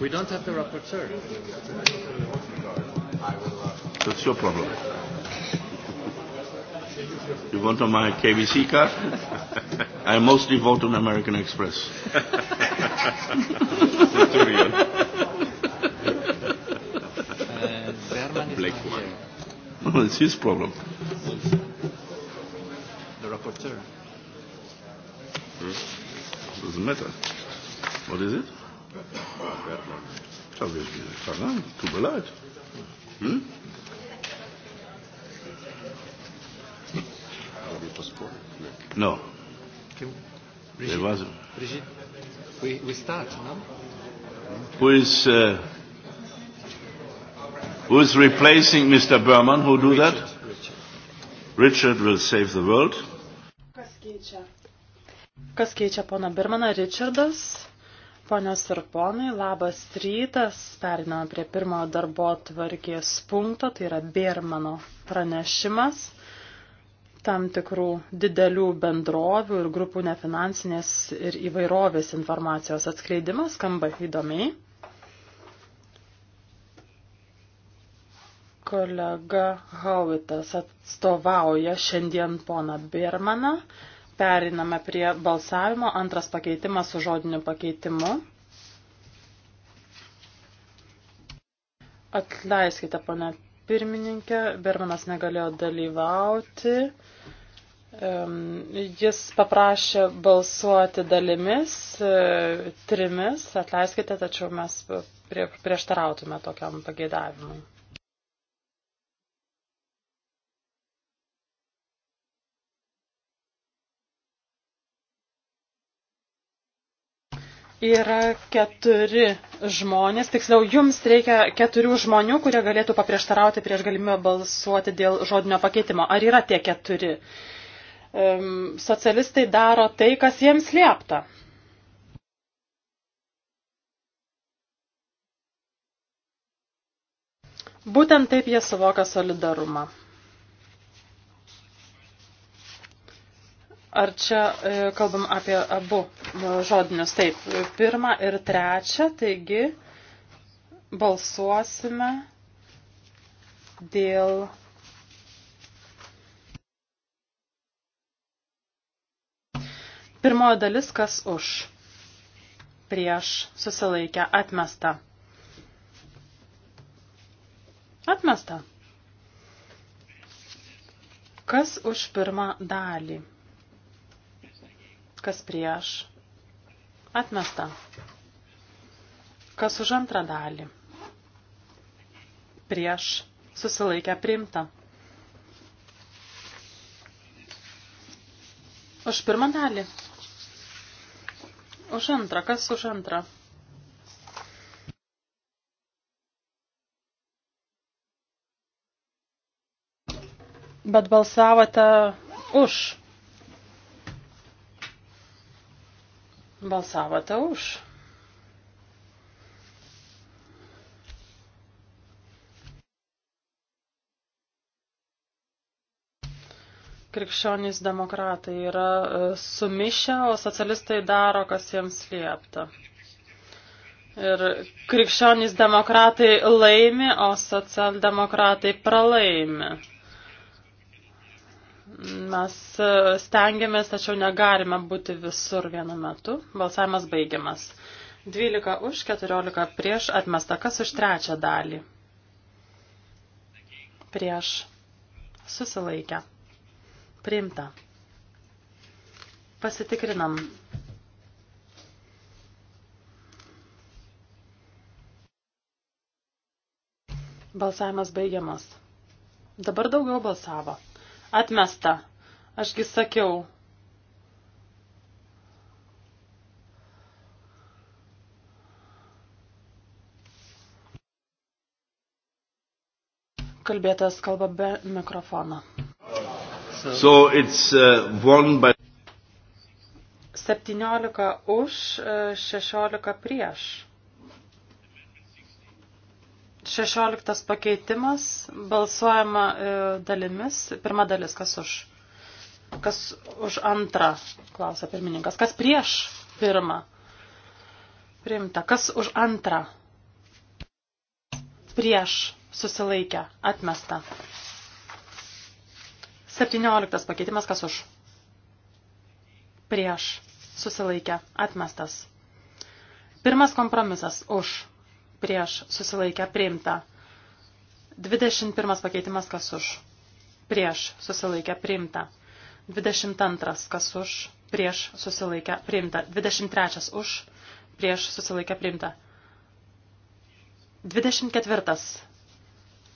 We don't have the rapporteur. That's your problem. You vote on my KBC card? I mostly vote on American Express. Black one. No, it's his problem. doesn't matter. What is it? Fernando, tut mir leid. Hm? No. Brigitte, there was a... Brigitte, we, we start, no? Who is, uh, who is replacing Mr. Berman? Who do Richard, that? Richard. Richard will save the world. Kas keičia Kas keičia poną Birmaną? Richardas. Ponios ir ponai, labas rytas. Periname prie pirmojo darbo tvarkės punkto, tai yra Birmano pranešimas. Tam tikrų didelių bendrovių ir grupų nefinansinės ir įvairovės informacijos atskleidimas skamba įdomiai. kolega Hauvitas atstovauja šiandien pona Birmaną. Periname prie balsavimo. Antras pakeitimas su žodiniu pakeitimu. Atleiskite, pane pirmininkė, Bermanas negalėjo dalyvauti. Jis paprašė balsuoti dalimis, e, trimis, atleiskite, tačiau mes prieštarautume tokiam pageidavimui. yra keturi žmonės, tiksliau jums reikia keturių žmonių, kurie galėtų paprieštarauti prieš galimybę balsuoti dėl žodinio pakeitimo. Ar yra tie keturi? Um, socialistai daro tai, kas jiems liepta. Būtent taip jie suvoka solidarumą. Ar čia e, kalbam apie abu e, žodinius? Taip, pirmą ir trečią, taigi balsuosime dėl. Pirmoji dalis, kas už, prieš susilaikę atmesta. Atmesta. Kas už pirmą dalį? kas prieš, atmesta. Kas už antrą dalį, prieš, susilaikę priimta. Už pirmą dalį. Už antrą. Kas už antrą? Bet balsavote už. Balsavote už. krikščionys demokratai yra e, sumišę, o socialistai daro, kas jiems liepta. Ir krikščionys demokratai laimi, o socialdemokratai pralaimi. Mes e, stengiamės, tačiau negalime būti visur vienu metu. Balsavimas baigiamas. 12 už, 14 prieš, atmesta kas už trečią dalį. Prieš. Susilaikę. Priimta. Pasitikrinam. Balsavimas baigiamas. Dabar daugiau balsavo. Atmesta. Ašgi sakiau. Kalbėtas kalba be mikrofono. So it's uh, one by 17 už, 16 e, prieš. 16 pakeitimas, balsuojama e, dalimis. Pirma dalis, kas už? Kas už antrą, klausia pirmininkas. Kas prieš pirmą? Priimta. Kas už antrą? Prieš susilaikę, atmesta. 17 pakeitimas, kas už? Prieš susilaikę, atmestas. Pirmas kompromisas už prieš susilaikę priimta. 21 pakeitimas kas už, prieš susilaikę priimta. 22 kas už, prieš susilaikę priimta. 23 už, prieš susilaikę priimta. 24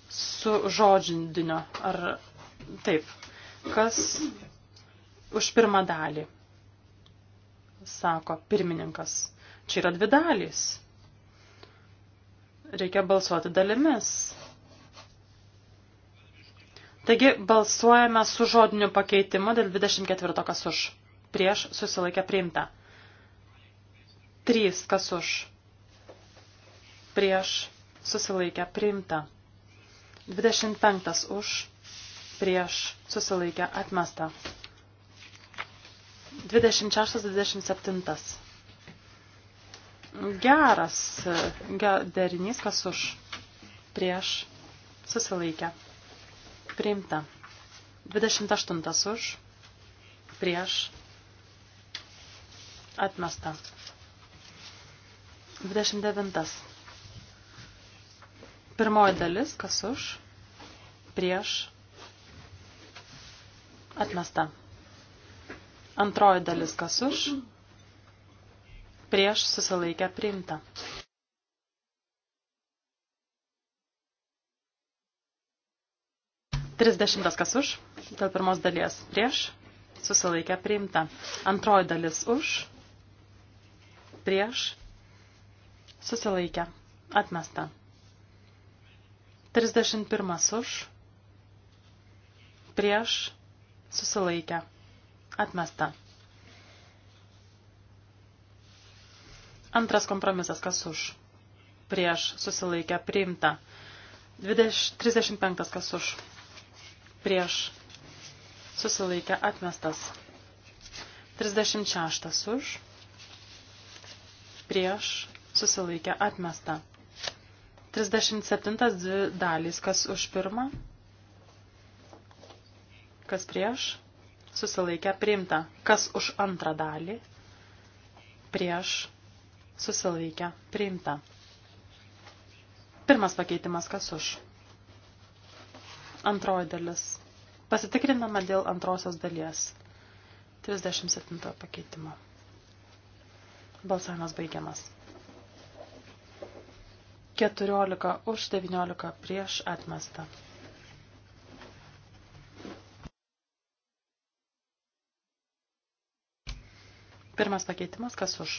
su žodžindinio ar taip, kas už pirmą dalį, sako pirmininkas. Čia yra dvi dalys. Reikia balsuoti dalimis. Taigi balsuojame su žodiniu pakeitimu dėl 24 kas už. Prieš susilaikę priimta. 3 kas už. Prieš susilaikę priimta. 25 už. Prieš susilaikę atmesta. 26-27 geras derinys, kas už prieš susilaikę. Priimta. 28 už prieš atmesta. 29. Pirmoji dalis, kas už prieš atmesta. Antroji dalis, kas už prieš susilaikę priimta. Trisdešimtas kas už, dėl pirmos dalies prieš, susilaikę priimta. Antroji dalis už, prieš, susilaikę, atmesta. Trisdešimt pirmas už, prieš, susilaikę, atmesta. Antras kompromisas, kas už, prieš susilaikę priimta. 20, 35 kas už, prieš susilaikę atmestas. 36 už, prieš susilaikę atmestą. 37 dvi dalys, kas už pirmą, kas prieš, susilaikę priimta, kas už antrą dalį, prieš susilaikę, priimta. Pirmas pakeitimas, kas už. Antroji dalis. Pasitikriname dėl antrosios dalies. 37 pakeitimo. Balsavimas baigiamas. 14 už 19 prieš atmestą. Pirmas pakeitimas, kas už?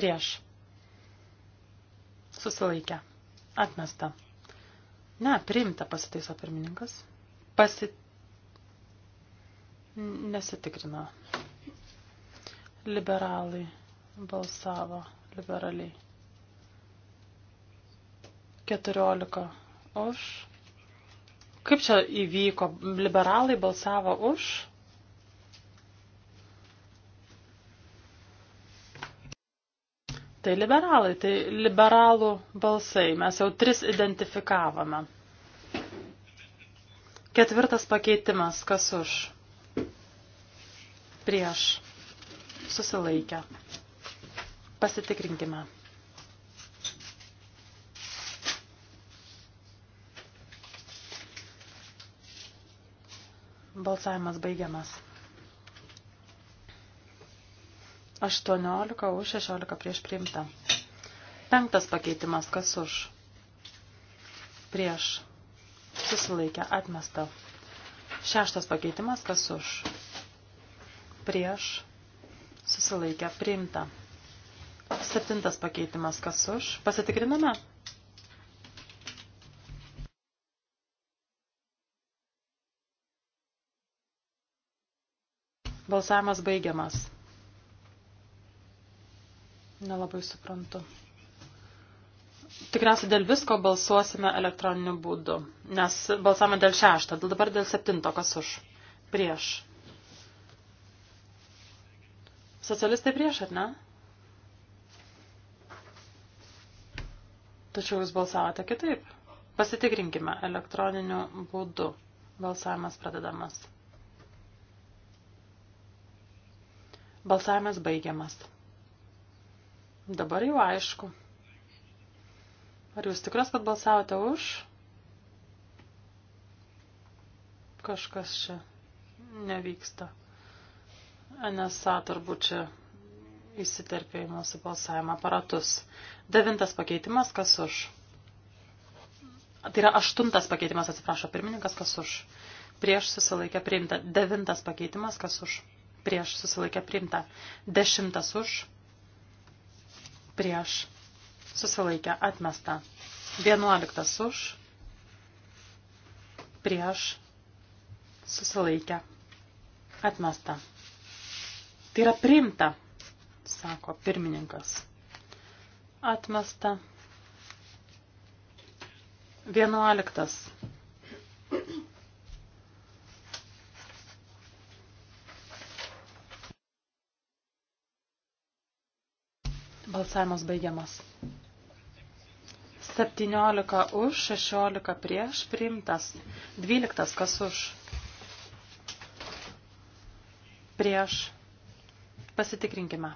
prieš, susilaikę, atmesta. Ne, priimta pasitaiso pirmininkas. Pasi... Nesitikrino. Liberalai balsavo liberaliai. 14 už. Kaip čia įvyko? Liberalai balsavo už. Tai liberalai, tai liberalų balsai. Mes jau tris identifikavome. Ketvirtas pakeitimas. Kas už? Prieš. Susilaikę. Pasitikrinkime. Balsavimas baigiamas. 18 už 16 prieš priimta. Penktas pakeitimas, kas už? Prieš. Susilaikę, atmesta. Šeštas pakeitimas, kas už? Prieš. Susilaikę, priimta. Septintas pakeitimas, kas už? Pasitikriname. Balsavimas baigiamas. Nelabai suprantu. Tikriausiai dėl visko balsuosime elektroniniu būdu, nes balsavome dėl šešto, dabar dėl septinto, kas už. Prieš. Socialistai prieš, ar ne? Tačiau jūs balsavote kitaip. Pasitikrinkime elektroniniu būdu. Balsavimas pradedamas. Balsavimas baigiamas. Dabar jau aišku. Ar jūs tikras, kad balsavote už? Kažkas čia nevyksta. NSA turbūt čia įsiterpė į mūsų balsavimo aparatus. Devintas pakeitimas, kas už? Tai yra aštuntas pakeitimas, atsiprašo, pirmininkas, kas už? Prieš susilaikę priimta. Devintas pakeitimas, kas už? Prieš susilaikę priimta. Dešimtas už? prieš, susilaikę, atmesta. 11 už, prieš, susilaikę, atmesta. Tai yra priimta, sako pirmininkas. Atmesta. 11. Balsavimas baigiamas. 17 už, 16 prieš, priimtas. 12 kas už. Prieš. Pasitikrinkime.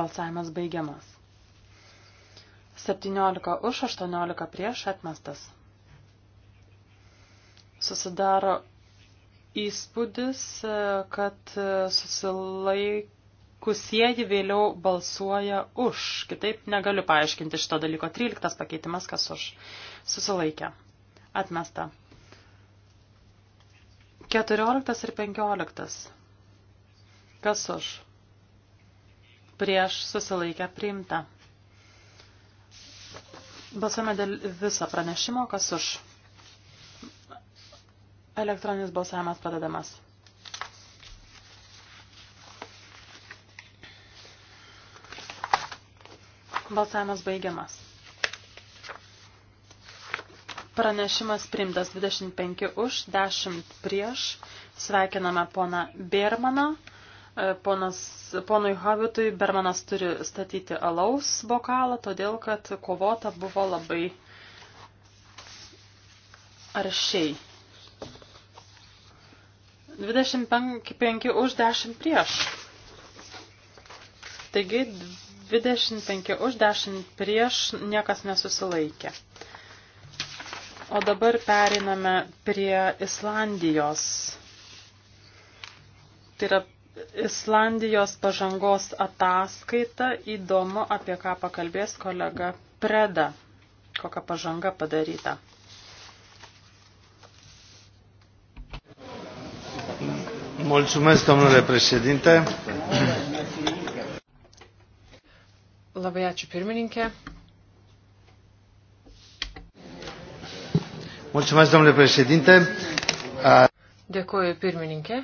Balsavimas baigiamas. 17 už, 18 prieš atmestas susidaro įspūdis, e, kad susilaikusieji vėliau balsuoja už. Kitaip negaliu paaiškinti šito dalyko. 13 pakeitimas, kas už. Susilaikė. Atmesta. 14 ir 15. Kas už? Prieš susilaikę priimta. Balsuojame dėl viso pranešimo, kas už. Elektroninis balsavimas pradedamas. Balsavimas baigiamas. Pranešimas primtas 25 už, 10 prieš. Sveikiname poną Bermaną. E, ponas, ponui Havitui Bermanas turi statyti alaus bokalą, todėl kad kovota buvo labai aršiai. 25 už 10 prieš. Taigi 25 už 10 prieš niekas nesusilaikė. O dabar periname prie Islandijos. Tai yra Islandijos pažangos ataskaita. Įdomu, apie ką pakalbės kolega Preda, kokia pažanga padaryta. Mulțumesc, domnule președinte. Labai ačiū pirmininkė. Mulțumesc, domnule președinte. Dėkuoju pirmininkė.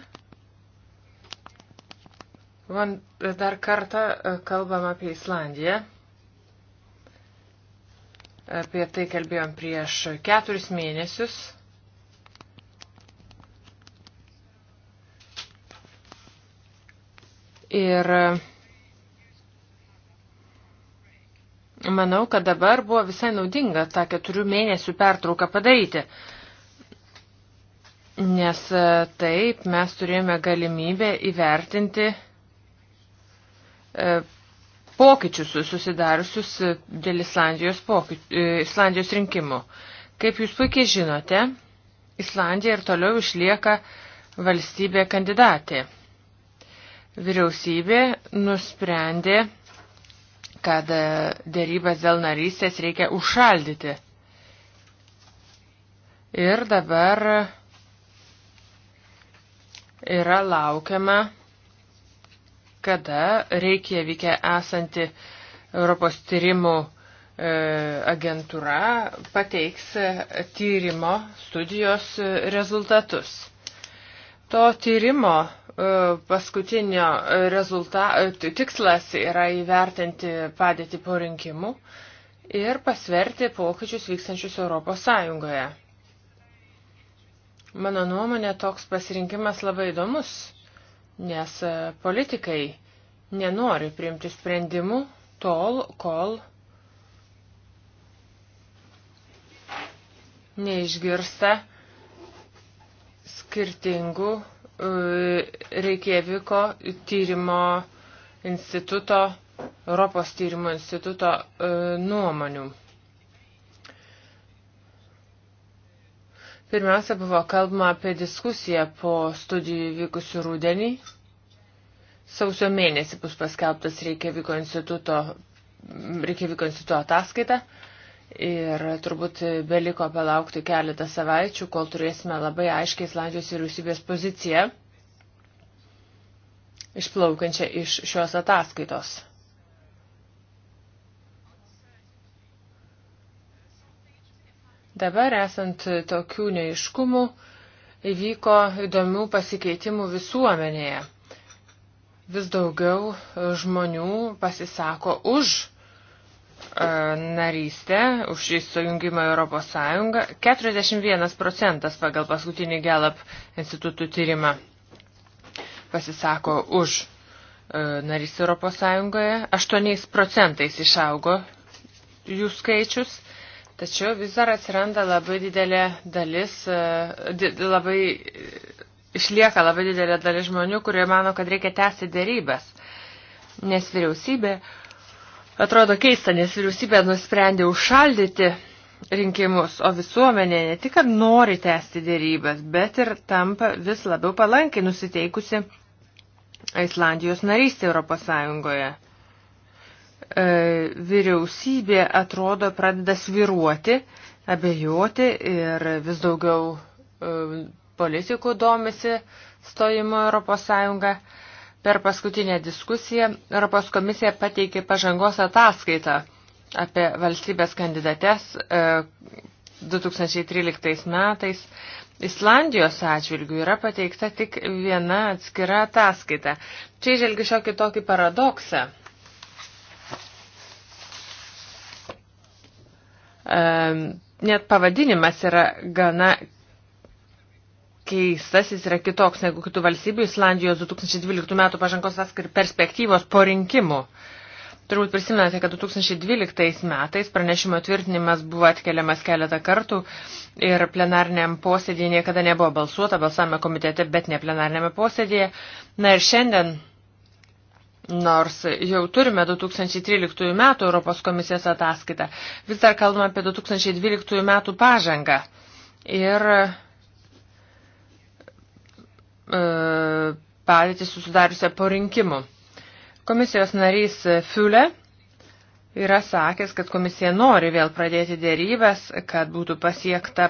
Man dar kartą e, kalbam apie Islandiją. Apie tai kalbėjom prieš keturis mėnesius Ir manau, kad dabar buvo visai naudinga tą keturių mėnesių pertrauką padaryti. Nes e, taip mes turėjome galimybę įvertinti e, pokyčius susidariusius dėl Islandijos, poky... E, Islandijos rinkimų. Kaip jūs puikiai žinote, Islandija ir toliau išlieka valstybė kandidatė. Vyriausybė nusprendė, kad dėrybas dėl narystės reikia užšaldyti. Ir dabar yra laukiama, kada reikia vykę esanti Europos tyrimų e, agentūra pateiks tyrimo studijos rezultatus. To tyrimo E, paskutinio rezulta, tikslas yra įvertinti padėtį po rinkimų ir pasverti pokyčius vykstančius Europos Sąjungoje. Mano nuomonė, toks pasirinkimas labai įdomus, nes e, politikai nenori priimti sprendimų tol, kol neišgirsta skirtingų Reikjeviko tyrimo instituto, Europos tyrimo instituto e, nuomonių. Pirmiausia, buvo kalbama apie diskusiją po studijų vykusių rūdienį. Sausio mėnesį bus paskelbtas Reikjeviko instituto, Reikjeviko instituto ataskaita. Ir turbūt beliko palaukti keletą savaičių, kol turėsime labai aiškiai Islandijos vyriausybės poziciją išplaukiančią iš šios ataskaitos. Dabar esant tokių neiškumų įvyko įdomių pasikeitimų visuomenėje. Vis daugiau žmonių pasisako už narystę, už įsijungimą Europos Sąjungą 41 procentas pagal paskutinį Gallup institutų tyrimą pasisako už narystę Europos Sąjungoje. 8 procentais išaugo jų skaičius, tačiau vis dar atsiranda labai didelė dalis, labai išlieka labai didelė dalis žmonių, kurie mano, kad reikia tęsti dėrybas, nes vyriausybė uh, Atrodo keista, nes vyriausybė nusprendė užšaldyti rinkimus, o visuomenė ne tik, kad nori tęsti dėrybas, bet ir tampa vis labiau palankiai nusiteikusi Islandijos narystė Europos Sąjungoje. E, vyriausybė atrodo pradeda sviruoti, abejoti ir vis daugiau e, politikų domisi stojimo Europos Sąjungą. E, Per paskutinę diskusiją Europos komisija pateikė pažangos ataskaitą apie valstybės kandidates 2013 e, metais. Islandijos atžvilgių yra pateikta tik viena atskira ataskaita. Čia žvelgiu šiokį tokį paradoksą. E, net pavadinimas yra gana keistas, jis yra kitoks negu kitų valstybių, Islandijos 2012 metų pažangos atskir perspektyvos po rinkimų. Turbūt prisimenate, kad 2012 metais pranešimo tvirtinimas buvo atkeliamas keletą kartų ir plenariniam posėdėje niekada nebuvo balsuota, balsavome komitete, bet ne plenariniame posėdėje. Na ir šiandien, nors jau turime 2013 metų Europos komisijos ataskaitą, vis dar kalbame apie 2012 metų pažangą. Ir E, padėtį susidariusią po rinkimų. Komisijos narys Fiule yra sakęs, kad komisija nori vėl pradėti dėrybęs, kad būtų pasiekta,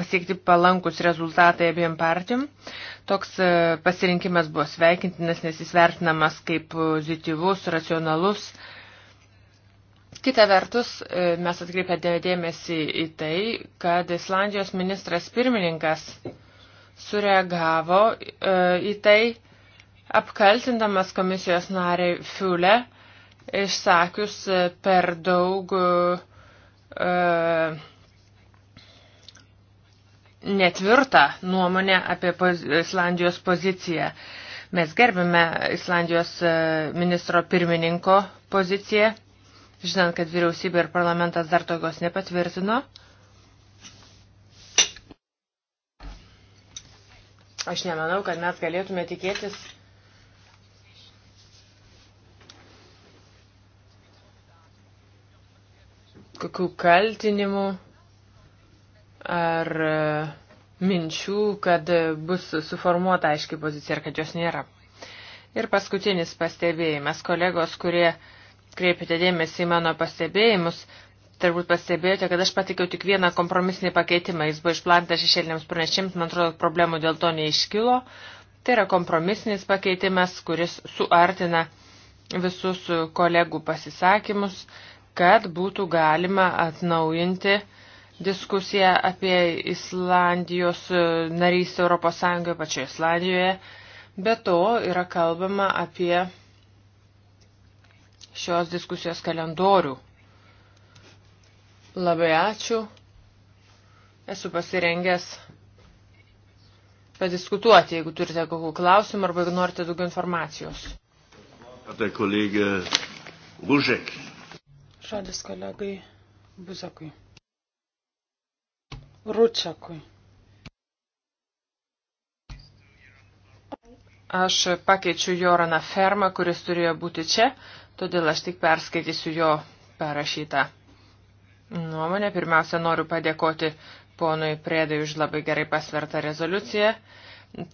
pasiekti palankus rezultatai abiem partijom. Toks e, pasirinkimas buvo sveikintinas, nes jis vertinamas kaip pozityvus, racionalus. Kita vertus, e, mes atkreipėme dėmesį į tai, kad Islandijos ministras pirmininkas sureagavo e, į tai, apkaltindamas komisijos nariai Fiulę, išsakius e, per daug e, netvirtą nuomonę apie Islandijos poziciją. Mes gerbime Islandijos ministro pirmininko poziciją, žinant, kad vyriausybė ir parlamentas dar tokios nepatvirtino. Aš nemanau, kad mes galėtume tikėtis kokių kaltinimų ar e, minčių, kad bus suformuota aiški pozicija ir kad jos nėra. Ir paskutinis pastebėjimas. Kolegos, kurie kreipite dėmesį į mano pastebėjimus, Turbūt pastebėjote, kad aš patikiau tik vieną kompromisinį pakeitimą. Jis buvo išplantas šešėliniams pranešims, man atrodo, problemų dėl to neiškilo. Tai yra kompromisinis pakeitimas, kuris suartina visus kolegų pasisakymus, kad būtų galima atnaujinti diskusiją apie Islandijos narystę Europos Sąjungoje, pačioje Islandijoje. Be to yra kalbama apie šios diskusijos kalendorių Labai ačiū. Esu pasirengęs padiskutuoti, jeigu turite kokių klausimų arba jeigu norite daugiau informacijos. Apie kolegę Bužek. Žodis kolegai Buzakui. Ručiakui. Aš pakeičiu Joraną Fermą, kuris turėjo būti čia, todėl aš tik perskaitysiu jo parašytą nuomonę. Pirmiausia, noriu padėkoti ponui Priedai už labai gerai pasvertą rezoliuciją.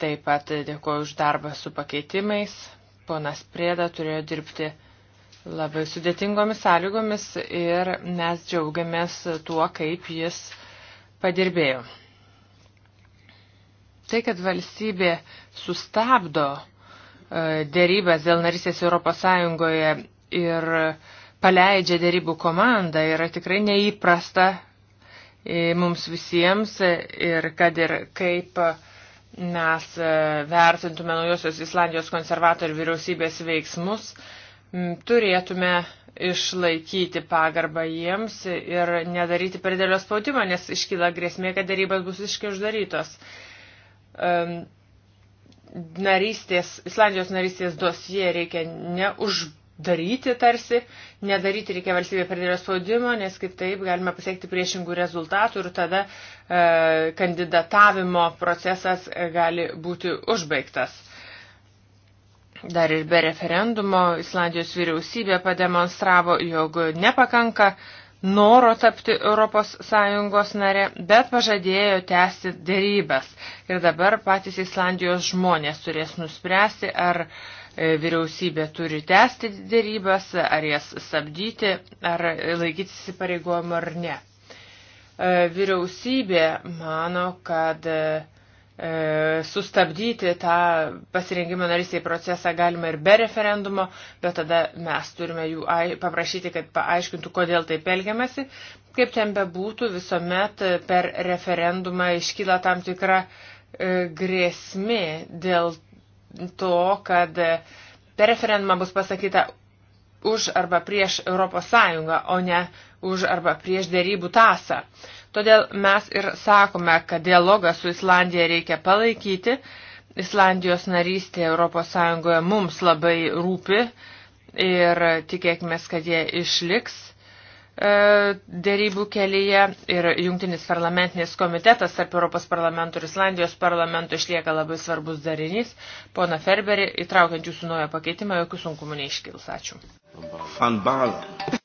Taip pat dėkoju už darbą su pakeitimais. Ponas Prieda turėjo dirbti labai sudėtingomis sąlygomis ir mes džiaugiamės tuo, kaip jis padirbėjo. Tai, kad valstybė sustabdo e, dėrybas dėl narysės Europos Sąjungoje ir uh, paleidžia dėrybų komandą yra tikrai neįprasta e, mums visiems e, ir kad ir kaip e, mes vertintume naujosios Islandijos konservatorių vyriausybės veiksmus, turėtume išlaikyti pagarbą jiems ir nedaryti per dėlio spaudimą, nes iškyla grėsmė, kad darybas bus iškai uždarytos. Narystės, Islandijos narystės dosie reikia neužbaigti daryti tarsi, nedaryti reikia valstybė per didelio spaudimo, nes kitaip galime pasiekti priešingų rezultatų ir tada e, kandidatavimo procesas e, gali būti užbaigtas. Dar ir be referendumo Islandijos vyriausybė pademonstravo, jog nepakanka noro tapti ES nare, bet pažadėjo tęsti dėrybas. Ir dabar patys Islandijos žmonės turės nuspręsti, ar uh, E, vyriausybė turi tęsti dėrybas, ar jas sabdyti, ar laikytis įsipareigojimo ar ne. E, vyriausybė mano, kad e, sustabdyti tą pasirinkimo narysiai procesą galima ir be referendumo, bet tada mes turime jų paprašyti, kad paaiškintų, kodėl taip elgiamasi. Kaip ten bebūtų, visuomet per referendumą iškyla tam tikra grėsmė dėl to, kad per referendumą bus pasakyta už arba prieš Europos Sąjungą, o ne už arba prieš dėrybų tasą. Todėl mes ir sakome, kad dialogą su Islandija reikia palaikyti. Islandijos narystė Europos Sąjungoje mums labai rūpi ir tikėkime, kad jie išliks E, dėrybų kelyje ir jungtinis parlamentinis komitetas tarp Europos parlamento ir Islandijos parlamento išlieka labai svarbus darinys. Pona Ferberi, įtraukiant jūsų naują pakeitimą, jokių sunkumų neiškils. Ačiū. Van Balen.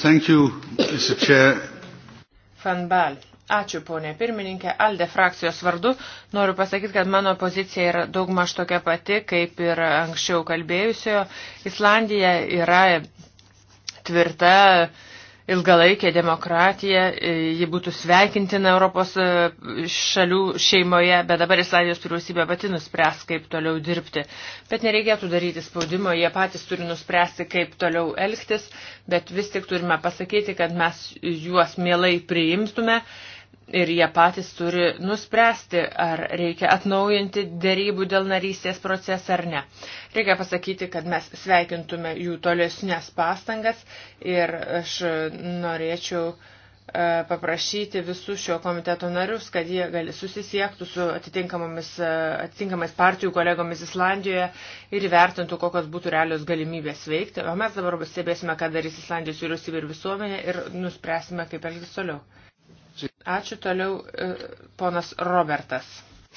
Thank you, Mr. Chair. Van Balen. Ačiū, ponė pirmininkė. Alde frakcijos vardu noriu pasakyti, kad mano pozicija yra daugmaž tokia pati, kaip ir anksčiau kalbėjusiojo. Islandija yra tvirta ilgalaikė demokratija, e, ji būtų sveikintina Europos e, šalių šeimoje, bet dabar Islandijos vyriausybė pati nuspręs, kaip toliau dirbti. Bet nereikėtų daryti spaudimo, jie patys turi nuspręsti, kaip toliau elgtis, bet vis tik turime pasakyti, kad mes juos mielai priimtume ir jie patys turi nuspręsti, ar reikia atnaujinti dėrybų dėl narystės procesą ar ne. Reikia pasakyti, kad mes sveikintume jų tolesnės pastangas ir aš norėčiau e, paprašyti visus šio komiteto narius, kad jie gali susisiektų su e, atitinkamais partijų kolegomis Islandijoje ir įvertintų, kokios būtų realios galimybės veikti. O mes dabar stebėsime, ką darys Islandijos vyriausybė ir visuomenė ir nuspręsime, kaip elgtis toliau. Ačiū toliau e, ponas Robertas.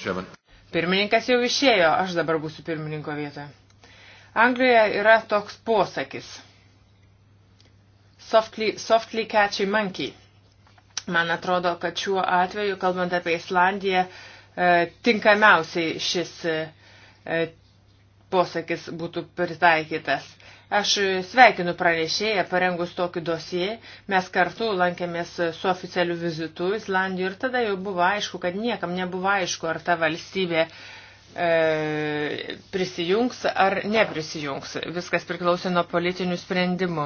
Šiandien. Pirmininkas jau išėjo, aš dabar būsiu pirmininko vietoje. Anglijoje yra toks posakis. Softly, softly catch a monkey. Man atrodo, kad šiuo atveju, kalbant apie Islandiją, e, tinkamiausiai šis e, posakis būtų pritaikytas. Aš sveikinu pranešėją parengus tokį dosiją. Mes kartu lankėmės su oficialiu vizitu Islandijoje ir tada jau buvo aišku, kad niekam nebuvo aišku, ar ta valstybė e, prisijungs ar neprisijungs. Viskas priklausė nuo politinių sprendimų.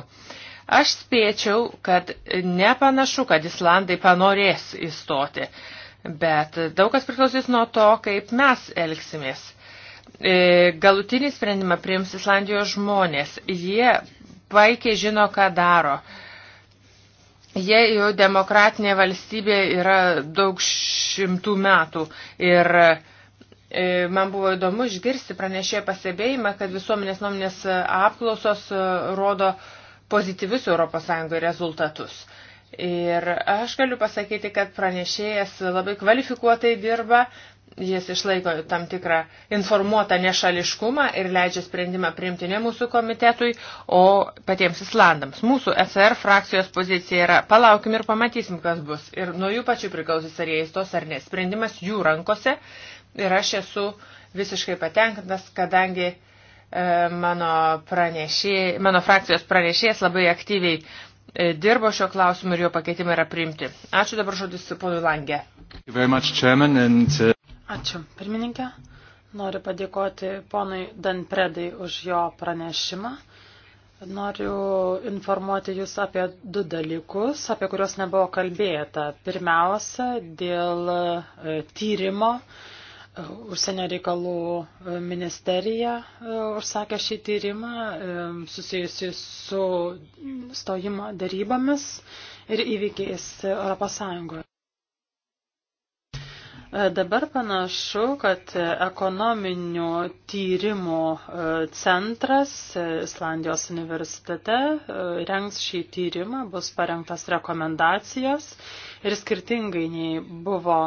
Aš spėčiau, kad nepanašu, kad Islandai panorės įstoti, bet daug kas priklausys nuo to, kaip mes elgsimės E, galutinį sprendimą priims Islandijos žmonės. Jie puikiai žino, ką daro. Jie jau demokratinė valstybė yra daug šimtų metų ir e, man buvo įdomu išgirsti pranešėjo pasibėjimą, kad visuomenės nuomonės apklausos e, rodo pozityvius ES rezultatus. Ir aš galiu pasakyti, kad pranešėjas labai kvalifikuotai dirba, jis išlaiko tam tikrą informuotą nešališkumą ir leidžia sprendimą priimti ne mūsų komitetui, o patiems Islandams. Mūsų SR frakcijos pozicija yra palaukim ir pamatysim, kas bus. Ir nuo jų pačių priklausys, ar jie įstos ar ne. Sprendimas jų rankose ir aš esu visiškai patenkintas, kadangi e, mano, pranešė, mano frakcijos pranešėjas labai aktyviai e, dirbo šio klausimu ir jo pakeitimai yra priimti. Ačiū dabar žodis ponui Langė. Much, chairman, and, uh... Ačiū, pirmininkė. Noriu padėkoti ponui Danpredai už jo pranešimą. Noriu informuoti Jūs apie du dalykus, apie kuriuos nebuvo kalbėta. Pirmiausia, dėl e, tyrimo e, užsienio reikalų e, ministerija užsakė šį tyrimą susijusi su stojimo darybomis ir įvykiais ES. E, dabar panašu, kad ekonominių tyrimų e, centras e, Islandijos universitete rengs šį tyrimą, bus parengtas rekomendacijos ir skirtingai nei buvo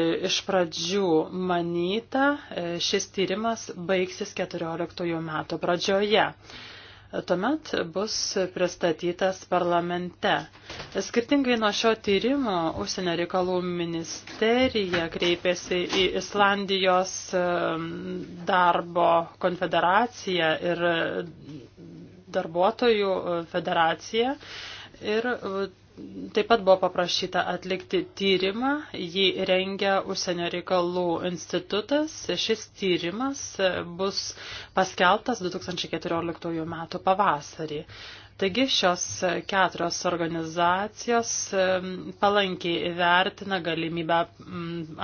iš pradžių manyta, šis tyrimas baigsis 14 metų pradžioje tuomet bus pristatytas parlamente. Skirtingai nuo šio tyrimo, užsienio reikalų ministerija kreipėsi į Islandijos darbo konfederaciją ir darbuotojų federaciją ir Taip pat buvo paprašyta atlikti tyrimą, jį rengia užsienio reikalų institutas. Šis tyrimas bus paskeltas 2014 m. pavasarį. Taigi šios keturios organizacijos palankiai vertina galimybę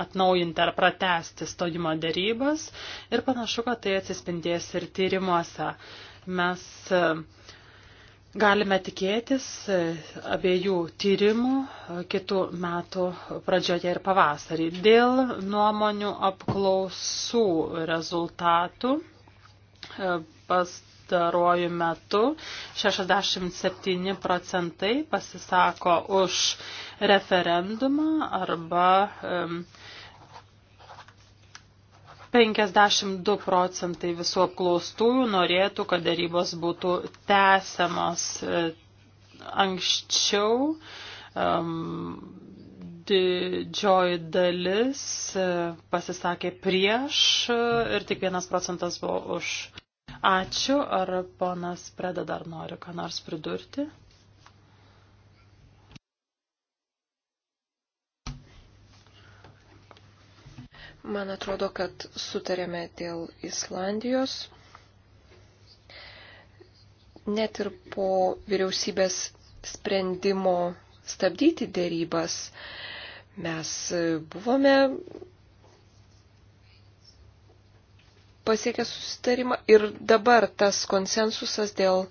atnaujinti ar pratesti stojimo dėrybas ir panašu, kad tai atsispindės ir tyrimuose. Mes Galime tikėtis e, abiejų tyrimų e, kitų metų pradžioje ir pavasarį. Dėl nuomonių apklausų rezultatų e, pastaruoju metu 67 procentai pasisako už referendumą arba um, 52 procentai visų apklaustųjų norėtų, kad darybos būtų tęsiamos e, anksčiau. Um, didžioji dalis e, pasisakė prieš e, ir tik vienas procentas buvo už. Ačiū. Ar ponas Preda dar nori ką nors pridurti? Man atrodo, kad sutarėme dėl Islandijos. Net ir po vyriausybės sprendimo stabdyti dėrybas mes buvome pasiekę susitarimą ir dabar tas konsensusas dėl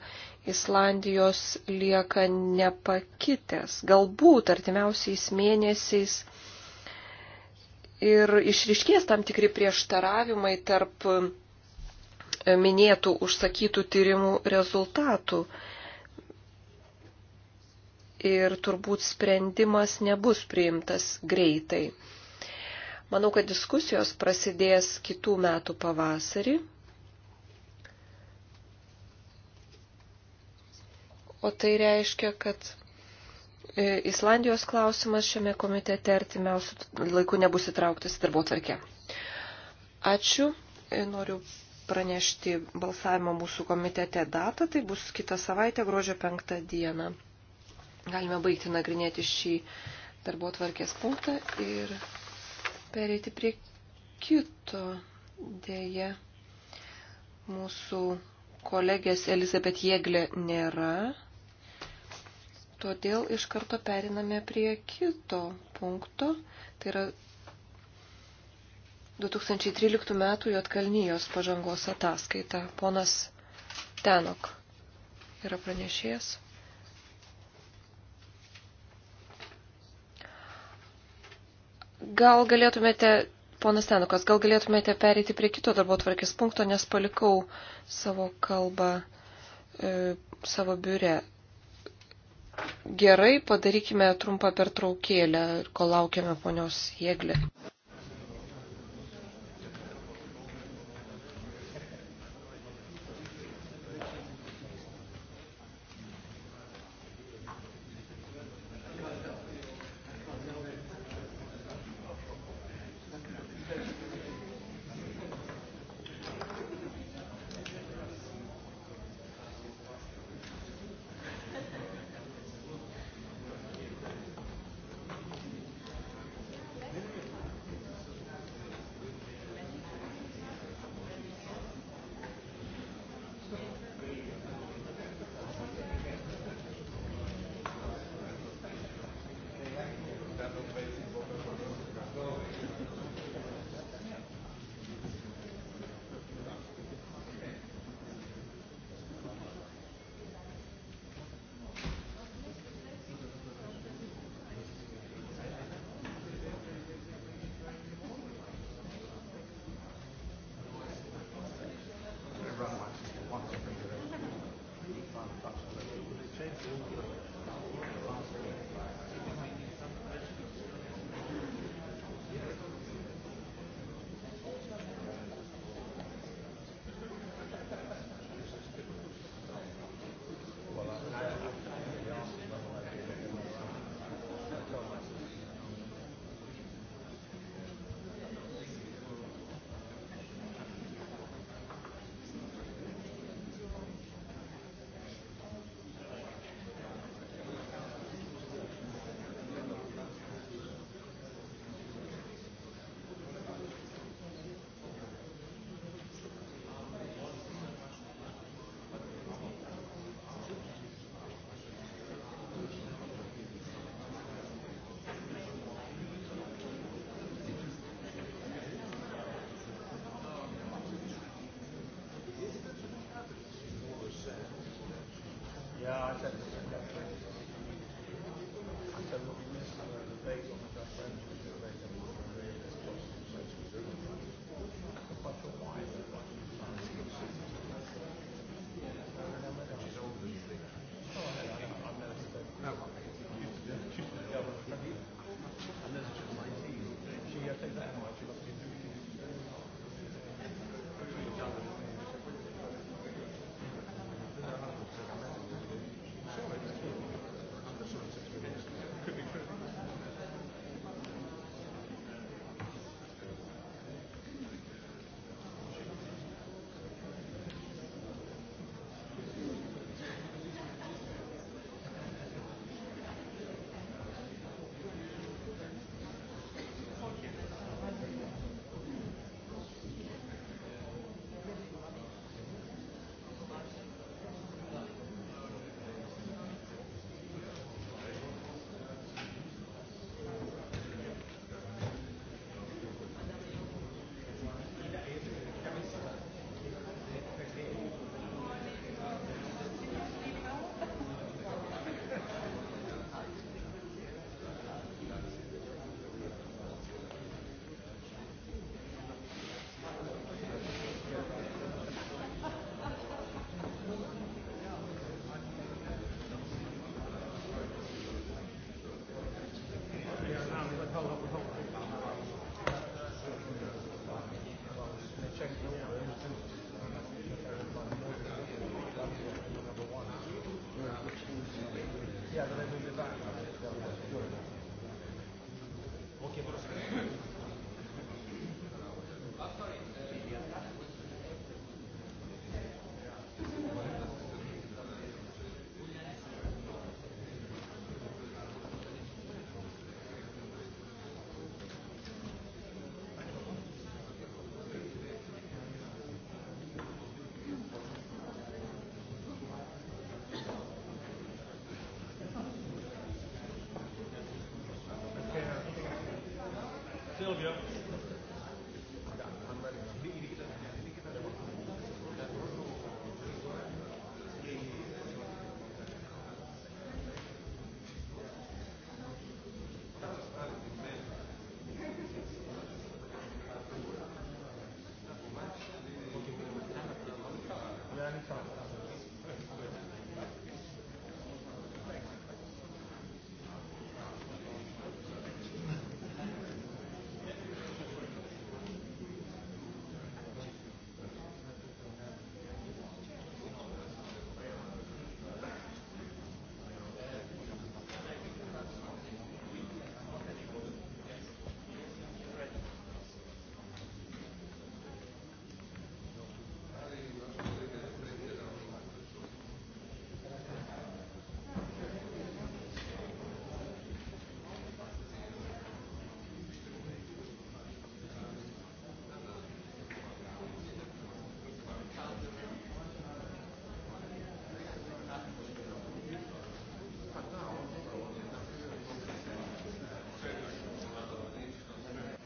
Islandijos lieka nepakitęs. Galbūt artimiausiais mėnesiais ir išriškės tam tikri prieštaravimai tarp e, minėtų užsakytų tyrimų rezultatų. Ir turbūt sprendimas nebus priimtas greitai. Manau, kad diskusijos prasidės kitų metų pavasarį. O tai reiškia, kad E, Islandijos klausimas šiame komitete artimiausių laikų nebus įtrauktas į darbo tvarkę. Ačiū. E, noriu pranešti balsavimo mūsų komitete datą. Tai bus kitą savaitę, gruodžio penktą dieną. Galime baigti nagrinėti šį darbo tvarkės punktą ir pereiti prie kito dėje. Mūsų kolegės Elizabet Jėglė nėra. Todėl iš karto periname prie kito punkto, tai yra 2013 m. Jotkalnyjos pažangos ataskaita. Ponas Tenok yra pranešėjas. Gal galėtumėte, ponas Tenukas, gal galėtumėte pereiti prie kito darbo tvarkės punkto, nes palikau savo kalbą e, savo biure. Gerai, padarykime trumpą pertraukėlę, kol laukiame ponios Jėglė.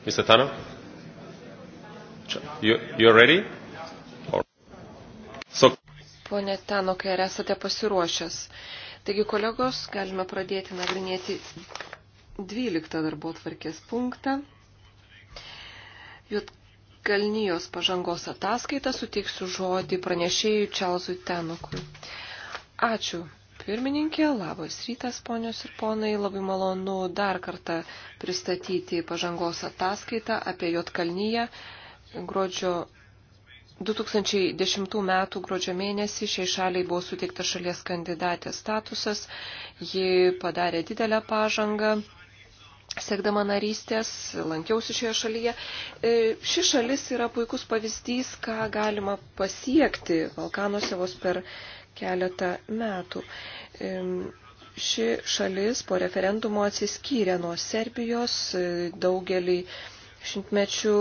Mr. Tano? You, you're ready? Or... So... Pone Tano, kai ar esate pasiruošęs. Taigi, kolegos, galime pradėti nagrinėti 12 darbo tvarkės punktą. Jutkalnyjos pažangos ataskaitą suteiksiu žodį pranešėjui Čelzui Tenokui. Ačiū. Pirmininkė, labas rytas, ponios ir ponai, labai malonu dar kartą uh, pristatyti pažangos ataskaitą apie Jotkalnyje gruodžio 2010 m. gruodžio mėnesį šiai šaliai buvo suteiktas šalies kandidatės statusas. Ji padarė didelę pažangą, siekdama narystės, lankiausi šioje šalyje. E, ši šalis yra puikus pavyzdys, ką galima pasiekti Balkanose vos per keletą metų ši šalis po referendumo atsiskyrė nuo Serbijos e, daugelį šimtmečių.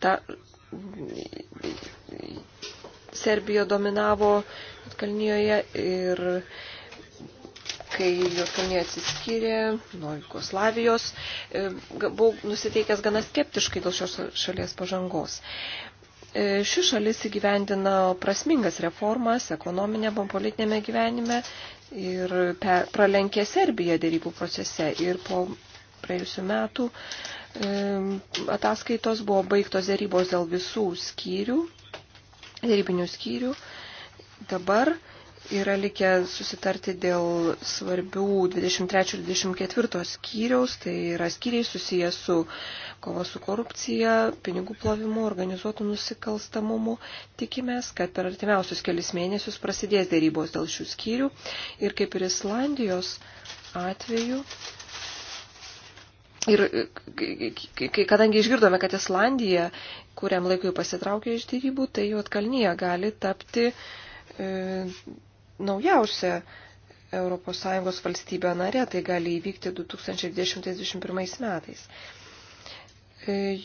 Ta, Serbija dominavo Kalnijoje ir kai Jotkalnė atsiskyrė nuo Jugoslavijos, e, buvau nusiteikęs gana skeptiškai dėl šios šalies pažangos. E, ši šalis įgyvendina prasmingas reformas ekonominėme, politinėme gyvenime ir pralenkė Serbiją dėrybų procese. Ir po praėjusiu metu e, ataskaitos buvo baigtos dėrybos dėl visų skyrių, dėrybinių skyrių. Dabar yra likę susitarti dėl svarbių 23 ir 24 skyriaus, tai yra skyriai susiję su kova su korupcija, pinigų plovimu, organizuotų nusikalstamumu. Tikimės, kad per artimiausius kelius mėnesius prasidės dėrybos dėl šių skyrių ir kaip ir Islandijos atveju. Ir kadangi išgirdome, kad Islandija, kuriam laikui pasitraukė iš dėrybų, tai jau atkalnyje gali tapti e, naujausia ES valstybė narė, tai gali įvykti 2021 metais. E,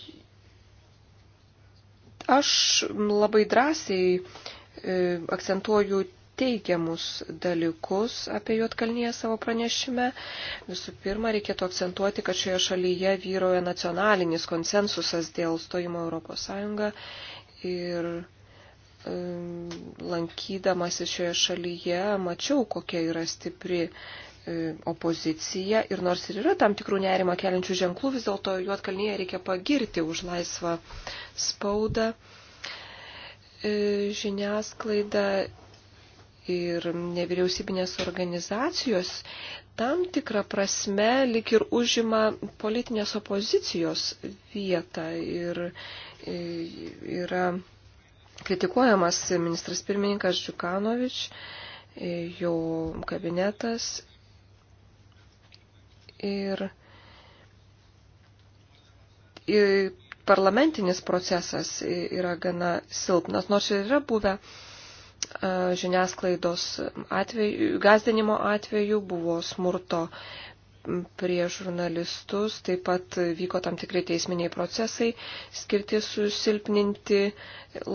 aš labai drąsiai e, akcentuoju teigiamus dalykus apie Juotkalnyje savo pranešime. Visų pirma, reikėtų akcentuoti, kad šioje šalyje vyroja nacionalinis konsensusas dėl stojimo Europos Sąjungą ir lankydamas šioje šalyje mačiau, kokia yra stipri e, opozicija ir nors ir yra tam tikrų nerimą keliančių ženklų, vis dėlto juotkalnyje reikia pagirti už laisvą spaudą, e, žiniasklaidą ir nevyriausybinės organizacijos tam tikrą prasme lik ir užima politinės opozicijos vietą ir e, yra kritikuojamas ministras pirmininkas Žukanovič, e, jo kabinetas ir, ir e, parlamentinis procesas e, yra gana silpnas, nors ir yra buvę žiniasklaidos atveju, gazdinimo atveju, buvo smurto prieš žurnalistus, taip pat vyko tam tikrai teisminiai procesai skirti susilpninti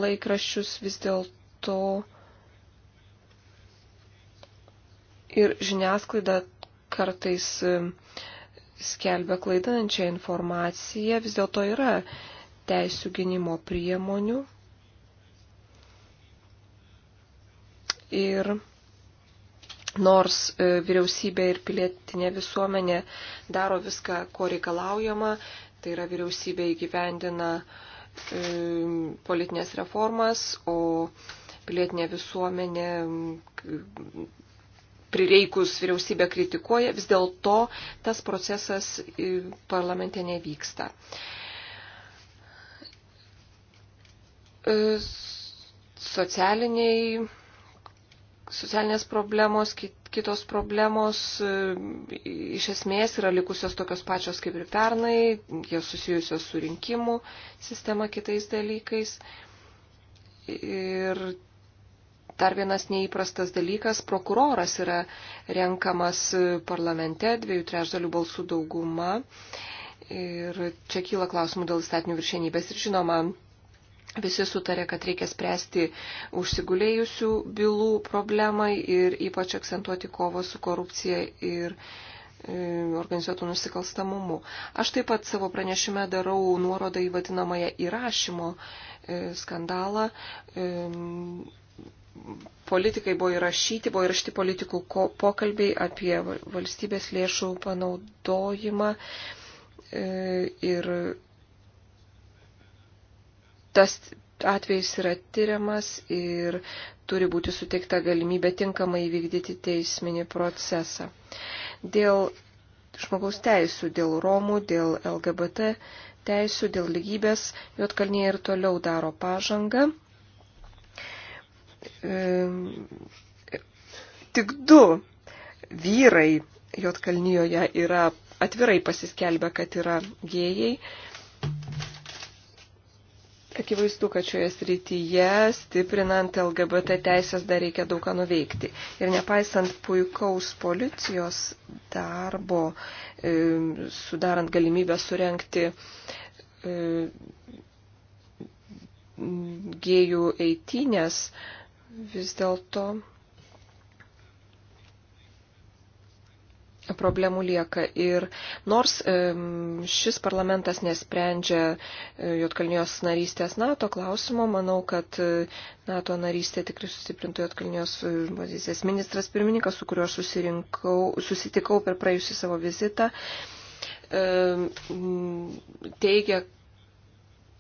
laikraščius vis dėlto. Ir žiniasklaida kartais skelbia klaidančią informaciją, vis dėlto yra teisų gynimo priemonių. Ir Nors e, vyriausybė ir pilietinė visuomenė daro viską, ko reikalaujama, tai yra vyriausybė įgyvendina e, politinės reformas, o pilietinė visuomenė prireikus vyriausybė kritikuoja, vis dėlto tas procesas parlamente nevyksta. E, socialiniai socialinės problemos, kitos problemos e, iš esmės yra likusios tokios pačios kaip ir pernai, jos susijusios su rinkimų sistema kitais dalykais. Ir dar vienas neįprastas dalykas - prokuroras yra renkamas parlamente dviejų trečdalių balsų dauguma. Ir čia kyla klausimų dėl įstatinių viršienybės ir žinoma, Visi sutarė, kad reikia spręsti užsigulėjusių bylų problemai ir ypač akcentuoti kovą su korupcija ir e, organizuotų nusikalstamumu. Aš taip pat savo pranešime darau nuorodą į vadinamąją įrašymo e, skandalą. E, politikai buvo įrašyti, buvo įrašyti politikų pokalbiai apie valstybės lėšų panaudojimą ir tas atvejis yra tyriamas ir turi būti suteikta galimybė tinkamai vykdyti teisminį procesą. Dėl žmogaus teisų, dėl Romų, dėl LGBT teisų, dėl lygybės, Jotkalnie ir toliau daro pažangą. E, tik du vyrai Jotkalnijoje yra atvirai pasiskelbę, kad yra gėjai. Akivaizdu, kad šioje srityje, stiprinant LGBT teisės, dar reikia daug ką nuveikti. Ir nepaisant puikaus policijos darbo, e, sudarant galimybę surenkti e, gėjų eitinės, vis dėlto problemų lieka. Ir nors šis parlamentas nesprendžia e, Jotkalnijos narystės NATO klausimo, manau, kad e, NATO narystė tikrai sustiprintų Jotkalnijos e, pozicijas. Ministras pirmininkas, su kuriuo susitikau per praėjusį savo vizitą, teigia,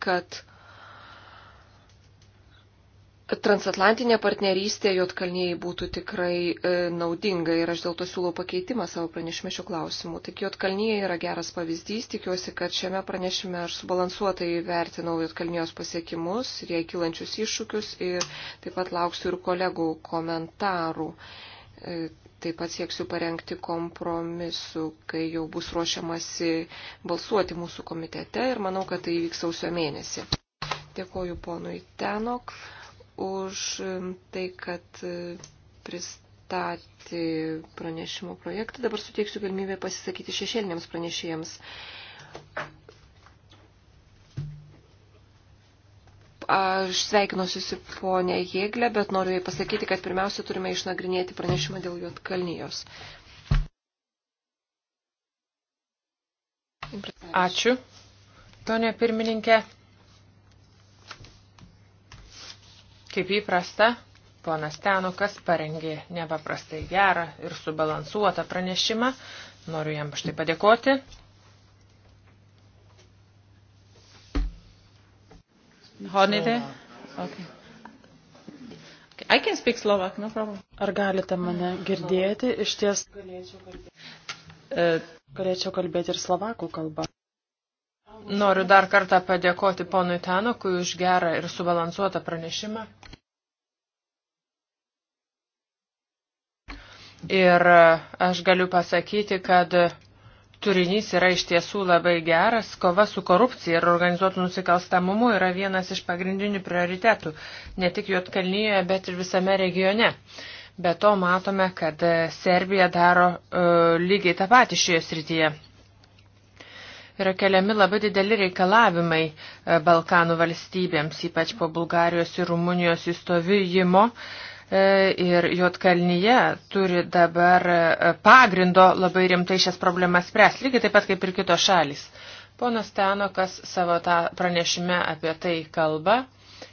kad transatlantinė partnerystė Jotkalniai būtų tikrai e, naudinga ir aš dėl to siūlau pakeitimą savo pranešime šiuo klausimu. Tik Jotkalniai yra geras pavyzdys, tikiuosi, kad šiame pranešime aš subalansuotai vertinau Jotkalnijos pasiekimus ir jai kilančius iššūkius ir taip pat lauksiu ir kolegų komentarų. E, taip pat sieksiu parengti kompromisu, kai jau bus ruošiamasi balsuoti mūsų komitete ir manau, kad tai įvyks sausio mėnesį. Dėkoju ponui Tenok už um, tai, kad e, pristatė pranešimo projektą. Dabar suteiksiu galimybę pasisakyti šešėliniams pranešėjams. Aš sveikinuosi su ponė Jėglė, bet noriu jai pasakyti, kad pirmiausia turime išnagrinėti pranešimą dėl Juotkalnyjos. Ačiū, Tonė pirmininkė. Kaip įprasta, ponas Tenukas parengė nepaprastai gerą ir subalansuotą pranešimą. Noriu jam štai padėkoti. Honite? Okay. I can speak Slovak, no problem. Ar galite mane girdėti? Iš ties galėčiau uh, kalbėti, galėčiau kalbėti ir slovakų kalbą. Noriu dar kartą padėkoti ponui Tanokui už gerą ir subalansuotą pranešimą. Ir aš galiu pasakyti, kad turinys yra iš tiesų labai geras. Kova su korupcija ir organizuotų nusikalstamumu yra vienas iš pagrindinių prioritetų, ne tik Jotkalnyje, bet ir visame regione. Be to matome, kad Serbija daro uh, lygiai tą patį šioje srityje yra keliami labai dideli reikalavimai e, Balkanų valstybėms, ypač po Bulgarijos ir Rumunijos įstovijimo. E, ir Jotkalnyje turi dabar e, pagrindo labai rimtai šias problemas spręs, lygiai taip pat kaip ir kitos šalis. Ponas Tenokas savo tą pranešime apie tai kalba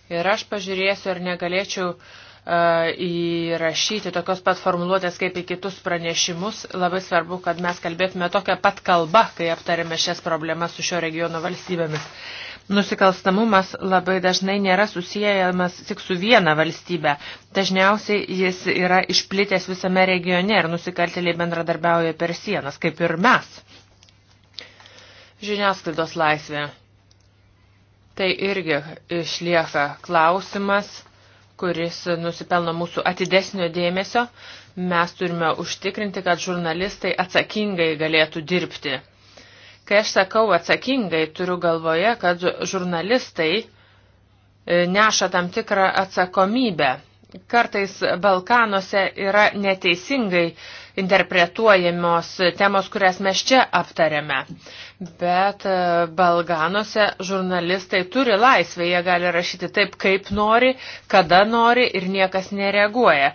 ir aš pažiūrėsiu, ar negalėčiau uh, E, įrašyti tokios pat formuluotės kaip į kitus pranešimus. Labai svarbu, kad mes kalbėtume tokią pat kalbą, kai aptarėme šias problemas su šio regiono valstybėmis. Nusikalstamumas labai dažnai nėra susijęjamas tik su viena valstybe. Dažniausiai jis yra išplitęs visame regione ir nusikaltėliai bendradarbiauja per sienas, kaip ir mes. Žiniasklaidos laisvė. Tai irgi išlieka klausimas kuris nusipelno mūsų atidesnio dėmesio. Mes turime užtikrinti, kad žurnalistai atsakingai galėtų dirbti. Kai aš sakau atsakingai, turiu galvoje, kad žurnalistai e, neša tam tikrą atsakomybę. Kartais Balkanuose yra neteisingai interpretuojamos temos, kurias mes čia aptarėme. Bet e, Balganuose žurnalistai turi laisvę, jie gali rašyti taip, kaip nori, kada nori ir niekas nereaguoja.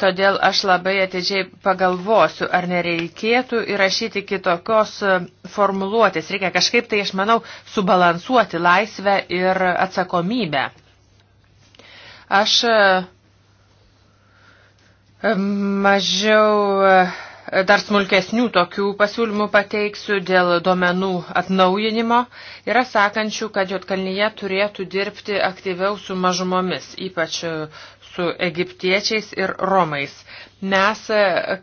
Todėl aš labai atidžiai pagalvosiu, ar nereikėtų įrašyti kitokios e, formuluotės. Reikia kažkaip tai, aš manau, subalansuoti laisvę ir atsakomybę. Aš uh, Mažiau e, dar smulkesnių tokių pasiūlymų pateiksiu dėl duomenų atnaujinimo. Yra sakančių, kad Jotkalnyje turėtų dirbti aktyviau su mažumomis, ypač e, su egiptiečiais ir romais. Mes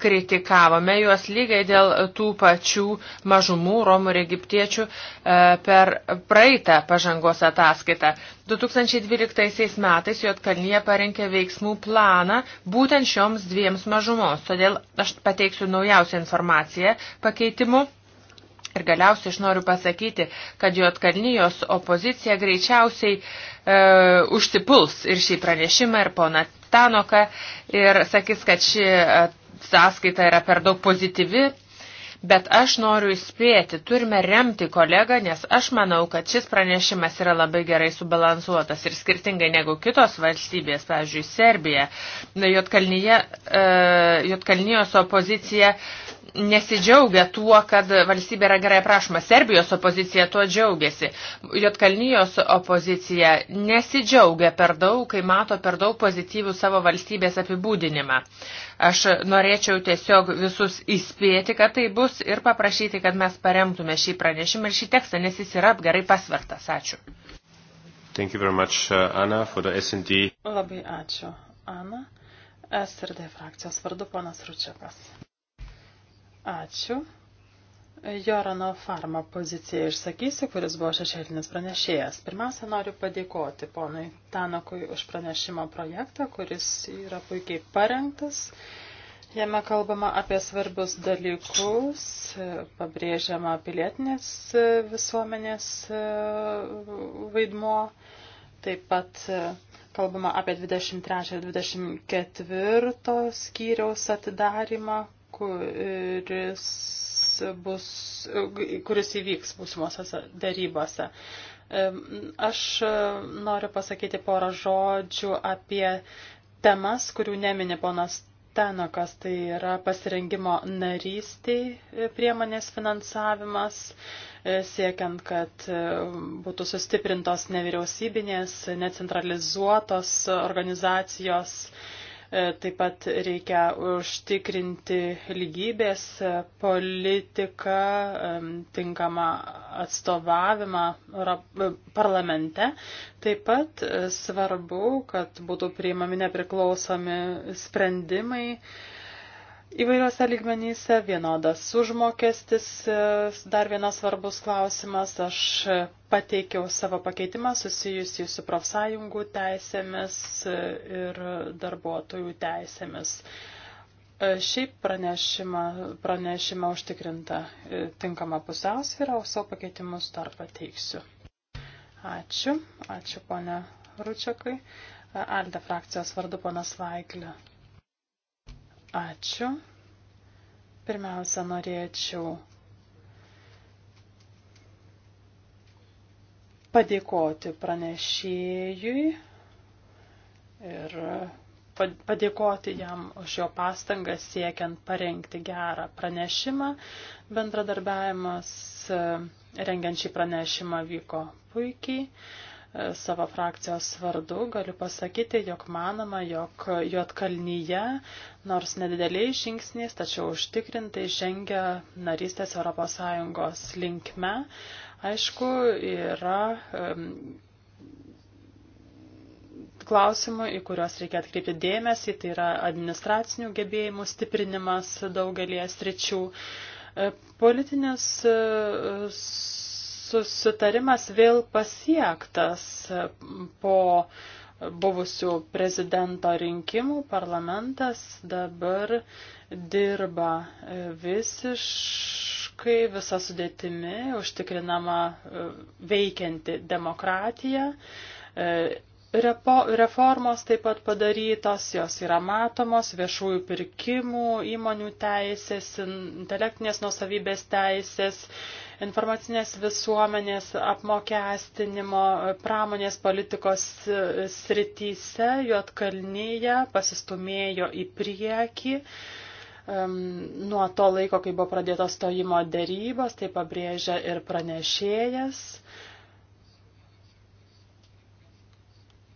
kritikavome juos lygiai dėl tų pačių mažumų romų ir egiptiečių e, per praeitą pažangos ataskaitą. 2012 metais Jotkalnyje parengė veiksmų planą būtent šioms dviems mažumoms, todėl aš pateiksiu naujausią informaciją pakeitimu Ir galiausiai aš noriu pasakyti, kad Jotkalnyjos opozicija greičiausiai e, užsipuls ir šį pranešimą, ir poną Tanoką, ir sakys, kad ši e, sąskaita yra per daug pozityvi. Bet aš noriu įspėti, turime remti kolegą, nes aš manau, kad šis pranešimas yra labai gerai subalansuotas ir skirtingai negu kitos valstybės, pavyzdžiui, Serbija. Jotkalnyje, e, Jotkalnyjos opozicija nesidžiaugia tuo, kad valstybė yra gerai aprašoma. Serbijos opozicija tuo džiaugiasi. Jotkalnyjos opozicija nesidžiaugia per daug, kai mato per daug pozityvių savo valstybės apibūdinimą. Aš norėčiau tiesiog visus įspėti, kad tai bus ir paprašyti, kad mes paremtume šį pranešimą ir šį tekstą, nes jis yra gerai pasvertas. Ačiū. Thank you very much, uh, Anna, for the S&D. Labai ačiū, Ana. SRD frakcijos vardu ponas Ručiakas. Ačiū. Jorano Farma poziciją išsakysiu, kuris buvo šešėlinis pranešėjas. Pirmiausia, noriu padėkoti ponui Tanakui už pranešimo projektą, kuris yra puikiai parengtas. Jame kalbama apie svarbius dalykus, pabrėžiama pilietinės visuomenės vaidmo, taip pat kalbama apie 23 ir 24 skyriaus atidarimą, kuris, bus, kuris įvyks būsimosiose darybose. Aš e, noriu pasakyti porą žodžių apie temas, kurių nemini ponas Tenokas, tai yra pasirengimo narystiai e, priemonės finansavimas, e, siekiant, kad būtų sustiprintos nevyriausybinės, necentralizuotos organizacijos E, taip pat reikia užtikrinti lygybės politiką, e, tinkamą atstovavimą parlamente. Taip pat e, svarbu, kad būtų priimami nepriklausomi sprendimai Įvairiuose lygmenyse vienodas užmokestis, e, dar vienas svarbus klausimas, aš pateikiau savo pakeitimą susijusį su profsąjungų teisėmis e, ir darbuotojų teisėmis. E, šiaip pranešimą, pranešimą užtikrinta tinkama pusiausvyrą, o savo pakeitimus dar pateiksiu. Ačiū, ačiū ponia Ručiakai. Alde frakcijos vardu ponas Vaiklė. Ačiū. Pirmiausia, norėčiau padėkoti pranešėjui ir padėkoti jam už jo pastangas siekiant parengti gerą pranešimą. Bendradarbiavimas e, rengiant šį pranešimą vyko puikiai savo frakcijos vardu galiu pasakyti, jog manoma, jog Juotkalnyje nors nedideliais žingsniais, tačiau užtikrintai žengia narystės ES linkme. Aišku, yra klausimų, į kuriuos reikia atkreipti dėmesį, tai yra administracinių gebėjimų stiprinimas daugelie sričių. E, politinės e, susitarimas vėl pasiektas po buvusių prezidento rinkimų parlamentas dabar dirba visiškai visą sudėtimi, užtikrinama e, veikianti demokratija. E, reformos taip pat padarytos, jos yra matomos viešųjų pirkimų, įmonių teisės, intelektinės nusavybės teisės, informacinės visuomenės apmokestinimo, pramonės politikos srityse Juotkalnyje pasistumėjo į priekį. Nuo to laiko, kai buvo pradėtos stojimo dėrybos, tai pabrėžia ir pranešėjas.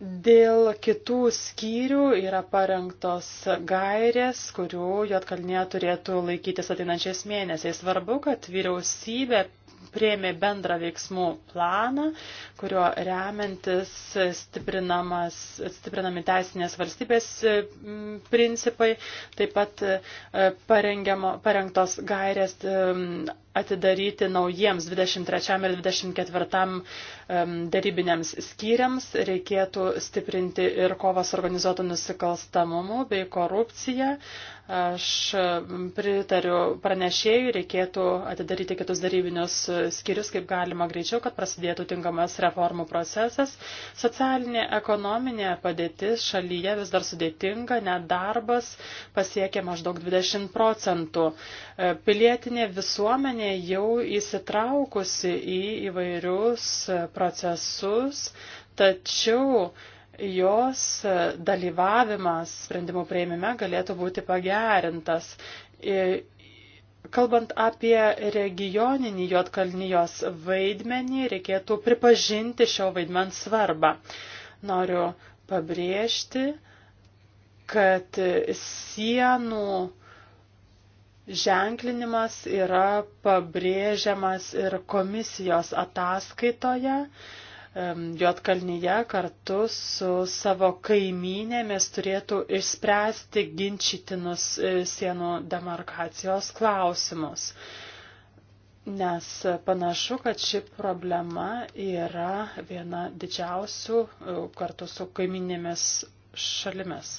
Dėl kitų skyrių yra parengtos gairės, kurių Jotkalnie turėtų laikytis ateinančiais mėnesiais. Svarbu, kad vyriausybė prieimė bendrą veiksmų planą, kurio remiantis stiprinami teisinės valstybės principai, taip pat e, parengtos gairės atidaryti naujiems 23 ir 24 darybiniams skyriams, reikėtų stiprinti ir kovas organizuotų nusikalstamumu bei korupciją. Aš pritariu pranešėjui, reikėtų atidaryti kitus darybinius skyrius kaip galima greičiau, kad prasidėtų tinkamas reformų procesas. Socialinė ekonominė padėtis šalyje vis dar sudėtinga, nedarbas pasiekia maždaug 20 procentų. E, pilietinė visuomenė pramonė jau įsitraukusi į įvairius procesus, tačiau jos dalyvavimas sprendimų prieimime galėtų būti pagerintas. Kalbant apie regioninį Jotkalnyjos vaidmenį, reikėtų pripažinti šio vaidmens svarbą. Noriu pabrėžti, kad sienų ženklinimas yra pabrėžiamas ir komisijos ataskaitoje. Juotkalnyje kartu su savo kaimynėmis turėtų išspręsti ginčytinus e, sienų demarkacijos klausimus, nes panašu, kad ši problema yra viena didžiausių e, kartu su kaiminėmis šalimis.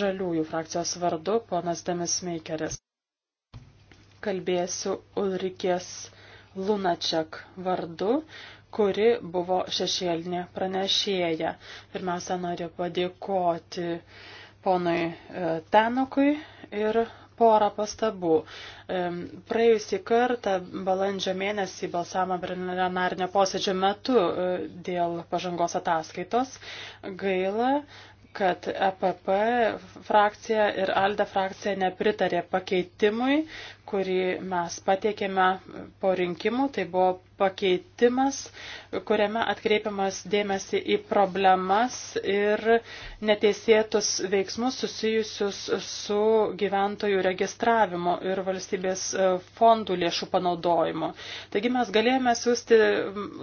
Žaliųjų frakcijos vardu ponas Demis Meikeris kalbėsiu Ulrikės Lunaček vardu, kuri buvo šešėlinė pranešėja. Pirmiausia, noriu padėkoti ponui e, Tenukui ir porą pastabų. E, praėjusį kartą, balandžio mėnesį, balsavimo plenarinio posėdžio metu e, dėl pažangos ataskaitos gaila, kad EPP frakcija ir ALDE frakcija nepritarė pakeitimui, kurį mes pateikėme po rinkimų, tai buvo pakeitimas, kuriame atkreipiamas dėmesį į problemas ir neteisėtus veiksmus susijusius su gyventojų registravimu ir valstybės e, fondų lėšų panaudojimu. Taigi mes galėjome siūsti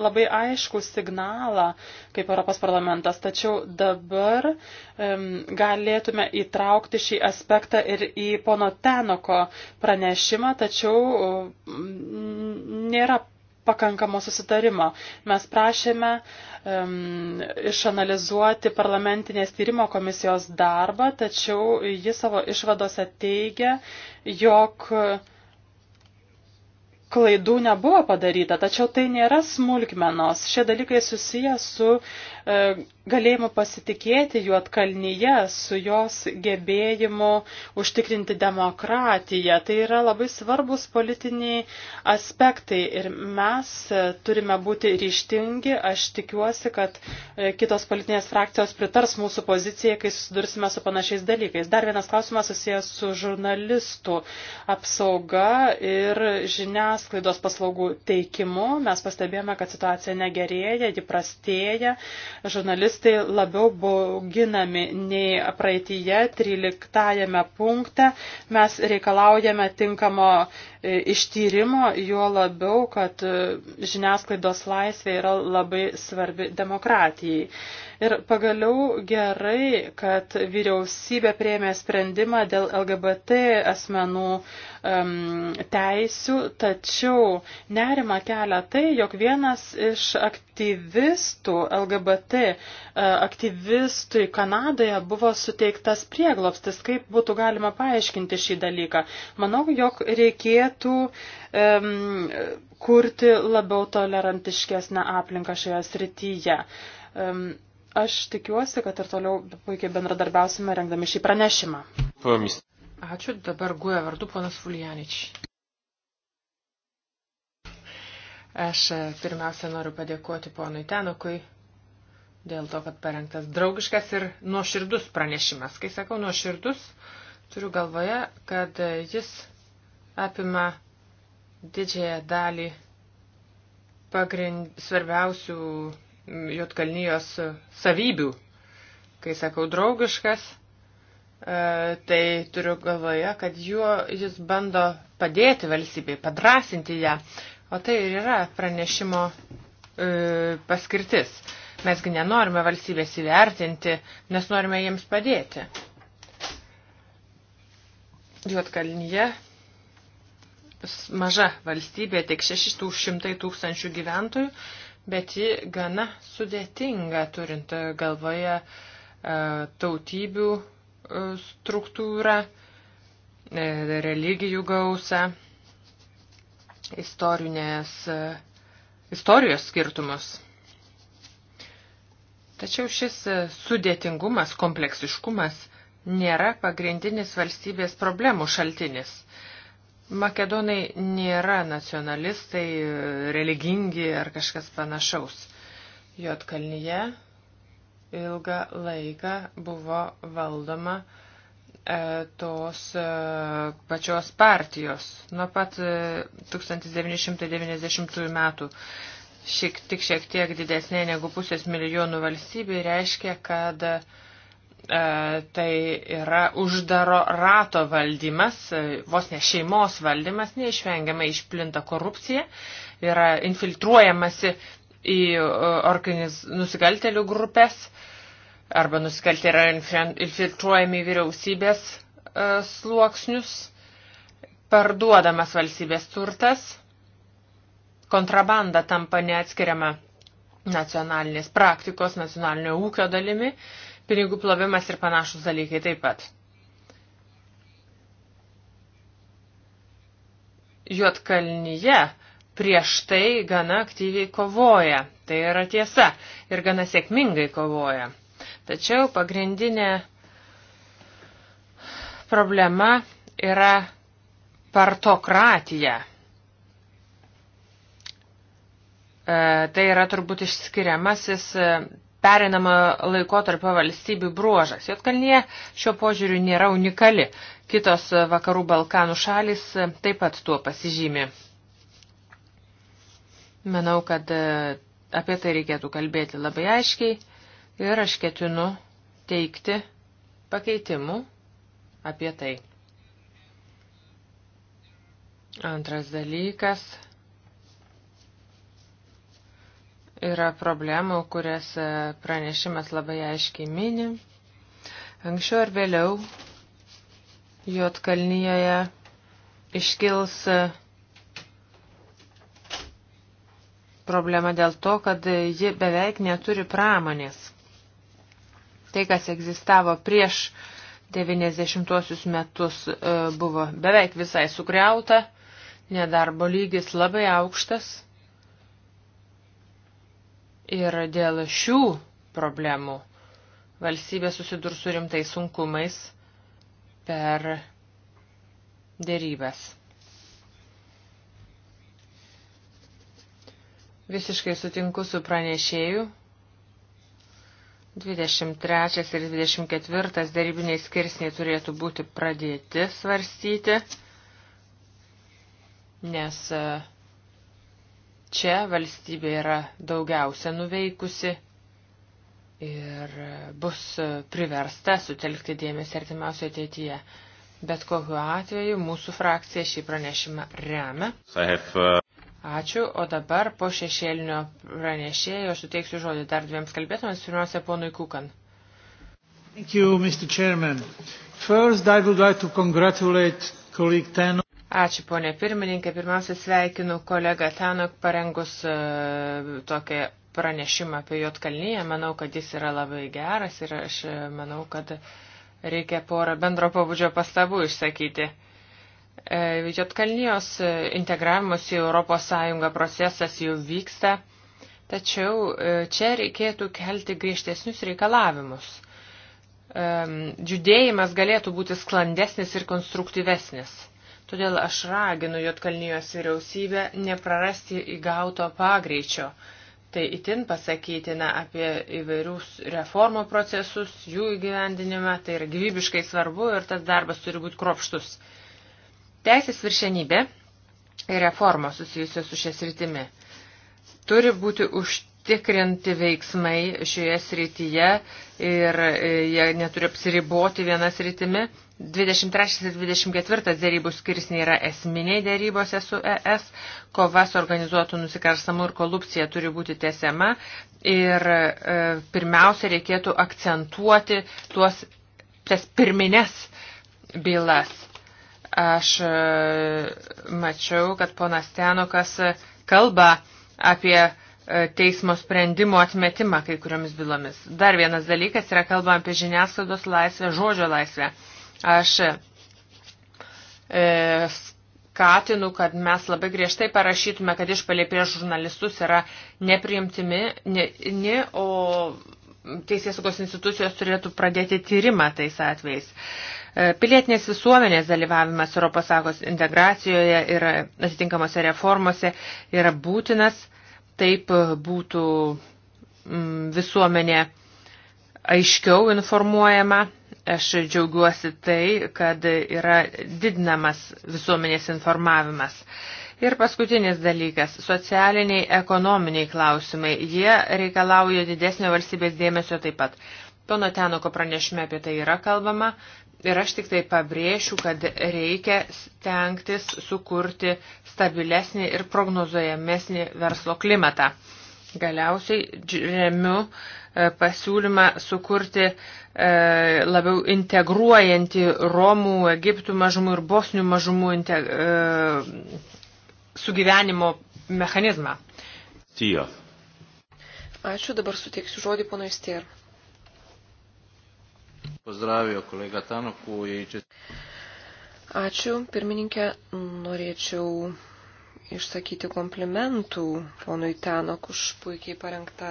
labai aišku signalą kaip Europos parlamentas, tačiau dabar um, galėtume įtraukti šį aspektą ir į pono Tenoko pranešimą pranešimą, tačiau mm, nėra pakankamo susitarimo. Mes prašėme um, išanalizuoti parlamentinės tyrimo komisijos darbą, tačiau jis savo išvadose teigia, jog klaidų nebuvo padaryta, tačiau tai nėra smulkmenos. Šie dalykai susiję su E, galėjimo pasitikėti Juotkalnyje su jos gebėjimu užtikrinti demokratiją. Tai yra labai svarbus politiniai aspektai ir mes turime būti ryštingi. Aš tikiuosi, kad e, kitos politinės frakcijos pritars mūsų pozicijai, kai susidursime su panašiais dalykais. Dar vienas klausimas susijęs su žurnalistų apsauga ir žiniasklaidos paslaugų teikimu. Mes pastebėjome, kad situacija negerėja, ji prastėja žurnalistai labiau buvo ginami nei praeitįje. 13 punkte mes reikalaujame tinkamo ištyrimo, juo labiau, kad e, žiniasklaidos laisvė yra labai svarbi demokratijai. Ir pagaliau gerai, kad vyriausybė prieėmė sprendimą dėl LGBT asmenų um, teisių, tačiau nerima kelia tai, jog vienas iš aktyvistų, LGBT uh, e, aktyvistui Kanadoje buvo suteiktas prieglopstis. Kaip būtų galima paaiškinti šį dalyką? Manau, jog reikėtų reikėtų um, kurti labiau tolerantiškesnę aplinką šioje srityje. Um, aš tikiuosi, kad ir toliau puikiai bendradarbiausime rengdami šį pranešimą. Pamis. Ačiū, dabar guoja vardu ponas Fuljanič. Aš e, pirmiausia noriu padėkoti ponui Tenokui dėl to, kad parengtas draugiškas ir nuoširdus pranešimas. Kai sakau nuoširdus, turiu galvoje, kad e, jis apima didžiąją dalį pagrind, svarbiausių Jotkalnyjos savybių. Kai sakau draugiškas, e, tai turiu galvoje, kad juo jis bando padėti valstybei, padrasinti ją. O tai ir yra pranešimo e, paskirtis. Mesgi nenorime valstybės įvertinti, nes norime jiems padėti. Juotkalnyje maža valstybė, tik 600 tūkstančių gyventojų, bet ji gana sudėtinga turint galvoje e, tautybių e, struktūrą, e, religijų gausą, istorinės, istorijos skirtumus. Tačiau šis sudėtingumas, kompleksiškumas nėra pagrindinis valstybės problemų šaltinis. Makedonai nėra nacionalistai, religingi ar kažkas panašaus. Jotkalnyje ilgą laiką buvo valdoma e, tos e, pačios partijos nuo pat 1990 e, metų. Šiek, tik šiek tiek didesnė negu pusės milijonų valstybė reiškia, kad uh, E, tai yra uždaro rato valdymas, e, vos ne šeimos valdymas, neišvengiamai išplinta korupcija, yra infiltruojamasi į e, organiz, nusikaltelių grupės arba nusikaltė yra infiltruojami vyriausybės sluoksnius, parduodamas valstybės turtas, kontrabanda tampa neatskiriama nacionalinės praktikos, nacionalinio ūkio dalimi pinigų plovimas ir panašus dalykai taip pat. Juotkalnyje prieš tai gana aktyviai kovoja, tai yra tiesa, ir gana sėkmingai kovoja. Tačiau pagrindinė problema yra partokratija. E, tai yra turbūt išskiriamasis perinamą laikotarpio valstybių bruožas. Jotkalnyje šio požiūriu nėra unikali. Kitos vakarų Balkanų šalis taip pat tuo pasižymi. Manau, kad e, apie tai reikėtų kalbėti labai aiškiai ir aš ketinu teikti pakeitimų apie tai. Antras dalykas – Yra problemų, kurias e, pranešimas labai aiškiai mini. Anksčiau ar vėliau Jotkalnyje iškils e, problema dėl to, kad ji beveik neturi pramonės. Tai, kas egzistavo prieš 90-osius metus, e, buvo beveik visai sugriauta, nedarbo lygis labai aukštas Ir dėl šių problemų valstybė susidurs su rimtais sunkumais per dėrybęs. Visiškai sutinku su pranešėju. 23 ir 24 darybiniai skirsniai turėtų būti pradėti svarstyti, nes uh, Čia valstybė yra daugiausia nuveikusi ir bus priversta sutelkti dėmesį artimiausio ateityje. Bet kokiu atveju mūsų frakcija šį pranešimą remia. Uh, Ačiū, o dabar po šešėlinio pranešėjo aš suteiksiu žodį dar dviems kalbėtumams, pirmiausia, ponui Kukan. Thank you, Mr. Chairman. First, I would like to congratulate colleague Teno. Ačiū, ponė pirmininkė. Pirmiausia, sveikinu kolegą Tanok parengus e, tokią pranešimą apie Jotkalnyje. Manau, kad jis yra labai geras ir aš e, manau, kad reikia porą bendro pabudžio pastabų išsakyti. E, Jotkalnyjos integravimas į ES procesas jau vyksta, tačiau čia reikėtų kelti griežtesnius reikalavimus. Judėjimas galėtų būti sklandesnis ir konstruktyvesnis Todėl aš raginu Jotkalnijos vyriausybę neprarasti įgauto pagreičio. Tai itin pasakytina apie įvairius reformų procesus, jų įgyvendinimą, tai yra gyvybiškai svarbu ir tas darbas turi būti kropštus. Teisės viršenybė ir reformos susijusios su šia sritimi turi būti užtikrinti užtikrinti veiksmai šioje srityje ir e, jie neturi apsiriboti viena sritimi. 23 ir 24 dėrybų skirsniai yra esminiai dėrybose su ES, kova su organizuotų nusikarsamų ir korupcija turi būti tesiama ir e, pirmiausia reikėtų akcentuoti tuos, tas pirmines bylas. Aš e, mačiau, kad ponas Tenukas kalba apie E, teismo sprendimo atmetimą kai kuriomis bylomis. Dar vienas dalykas yra kalbama apie žiniasklaidos laisvę, žodžio laisvę. Aš e, skatinu, kad mes labai griežtai parašytume, kad išpalė prieš žurnalistus yra nepriimtimi, ne, ne, o teisėsaugos institucijos turėtų pradėti tyrimą tais atvejais. E, pilietinės visuomenės dalyvavimas ES integracijoje ir atitinkamose reformose yra būtinas Taip būtų mm, visuomenė aiškiau informuojama. Aš džiaugiuosi tai, kad yra didinamas visuomenės informavimas. Ir paskutinis dalykas - socialiniai, ekonominiai klausimai. Jie reikalauja didesnio valstybės dėmesio taip pat. Pono Tenoko pranešime apie tai yra kalbama, Ir aš tik tai pabrėšiu, kad reikia stengtis sukurti stabilesnį ir prognozuojamesnį verslo klimatą. Galiausiai remiu e, pasiūlymą sukurti e, labiau integruojantį Romų, Egiptų mažumų ir Bosnių mažumų integ... E, sugyvenimo mechanizmą. Tijo. Ačiū, dabar suteiksiu žodį ponui Stier. Pozdravio kolega Tanoku. Ačiū, pirmininkė. Norėčiau išsakyti komplimentų ponui Tenok už puikiai parengtą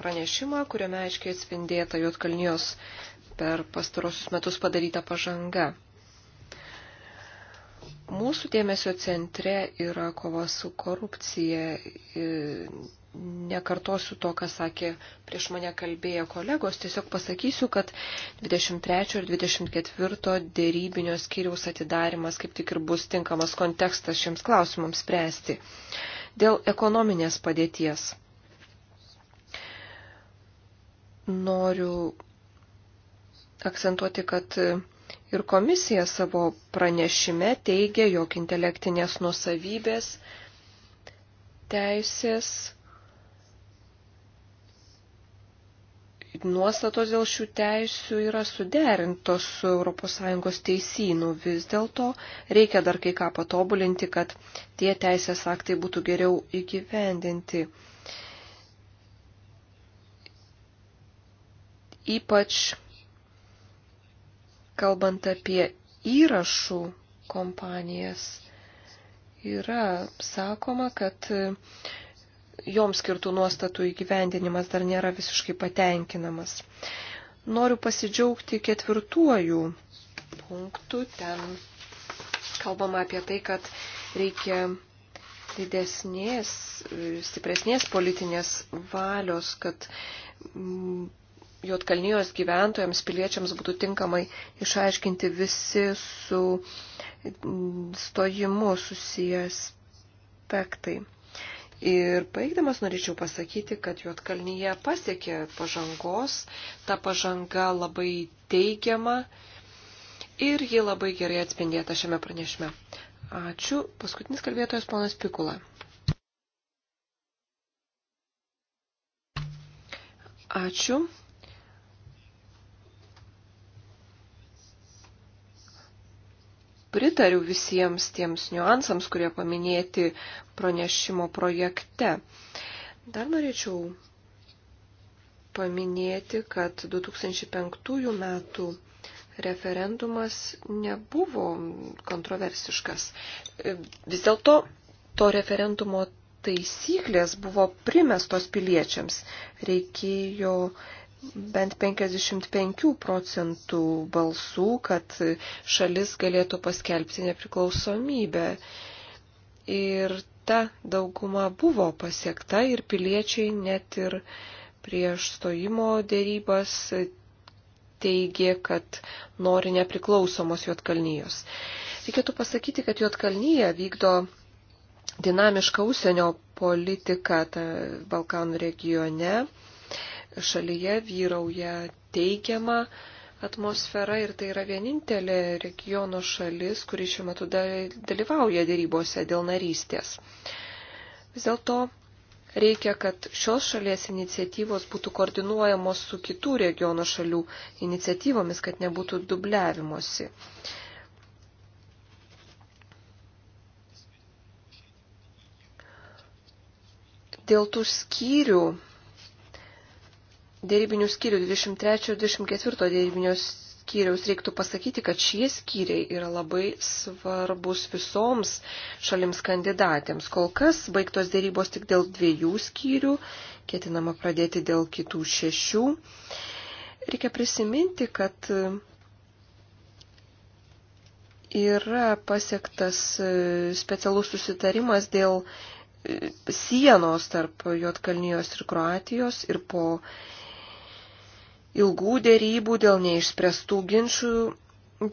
pranešimą, kuriame aiškiai atspindėta Jotkalnijos per pastarosius metus padaryta pažanga. Mūsų dėmesio centre yra kova su korupcija, nekartosiu to, ką sakė prieš mane kalbėję kolegos, tiesiog pasakysiu, kad 23 ir 24 dėrybinio skyriaus atidarimas kaip tik ir bus tinkamas kontekstas šiems klausimams spręsti. Dėl ekonominės padėties noriu akcentuoti, kad ir komisija savo pranešime teigia, jog intelektinės nusavybės teisės nuostatos dėl šių teisių yra suderintos su ES teisynu. Vis dėlto reikia dar kai ką patobulinti, kad tie teisės aktai būtų geriau įgyvendinti. Ypač kalbant apie įrašų kompanijas, yra sakoma, kad joms skirtų nuostatų įgyvendinimas dar nėra visiškai patenkinamas. Noriu pasidžiaugti ketvirtuoju punktu. Ten kalbama apie tai, kad reikia didesnės, stipresnės politinės valios, kad mm, Jotkalnijos gyventojams, piliečiams būtų tinkamai išaiškinti visi su mm, stojimu susijęs aspektai. Ir baigdamas norėčiau pasakyti, kad Juotkalnyje pasiekė pažangos, ta pažanga labai teigiama ir ji labai gerai atspindėta šiame pranešime. Ačiū. Paskutinis kalbėtojas ponas Pikula. Ačiū. pritariu visiems tiems niuansams, kurie paminėti pranešimo projekte. Dar norėčiau paminėti, kad 2005 metų referendumas nebuvo kontroversiškas. Vis dėlto to referendumo taisyklės buvo primestos piliečiams. Reikėjo bent 55 procentų balsų, kad šalis galėtų paskelbti nepriklausomybę. Ir ta dauguma buvo pasiekta ir piliečiai net ir prieš stojimo dėrybas teigė, kad nori nepriklausomos Juotkalnyjos. Reikėtų pasakyti, kad Juotkalnyje vykdo dinamišką užsienio politiką Balkanų regione šalyje vyrauja teigiama atmosfera ir tai yra vienintelė regiono šalis, kuri šiuo metu dalyvauja dėrybose dėl narystės. Vis dėlto reikia, kad šios šalies iniciatyvos būtų koordinuojamos su kitų regiono šalių iniciatyvomis, kad nebūtų dubliavimosi. Dėl tų skyrių dėrybinių skyrių 23 ir 24 dėrybinio skyriaus reiktų pasakyti, kad šie skyriai yra labai svarbus visoms šalims kandidatėms. Kol kas baigtos dėrybos tik dėl dviejų skyrių, ketinama pradėti dėl kitų šešių. Reikia prisiminti, kad yra pasiektas specialus susitarimas dėl sienos tarp Jotkalnijos ir Kroatijos ir po ilgų dėrybų, dėl neišspręstų ginčių,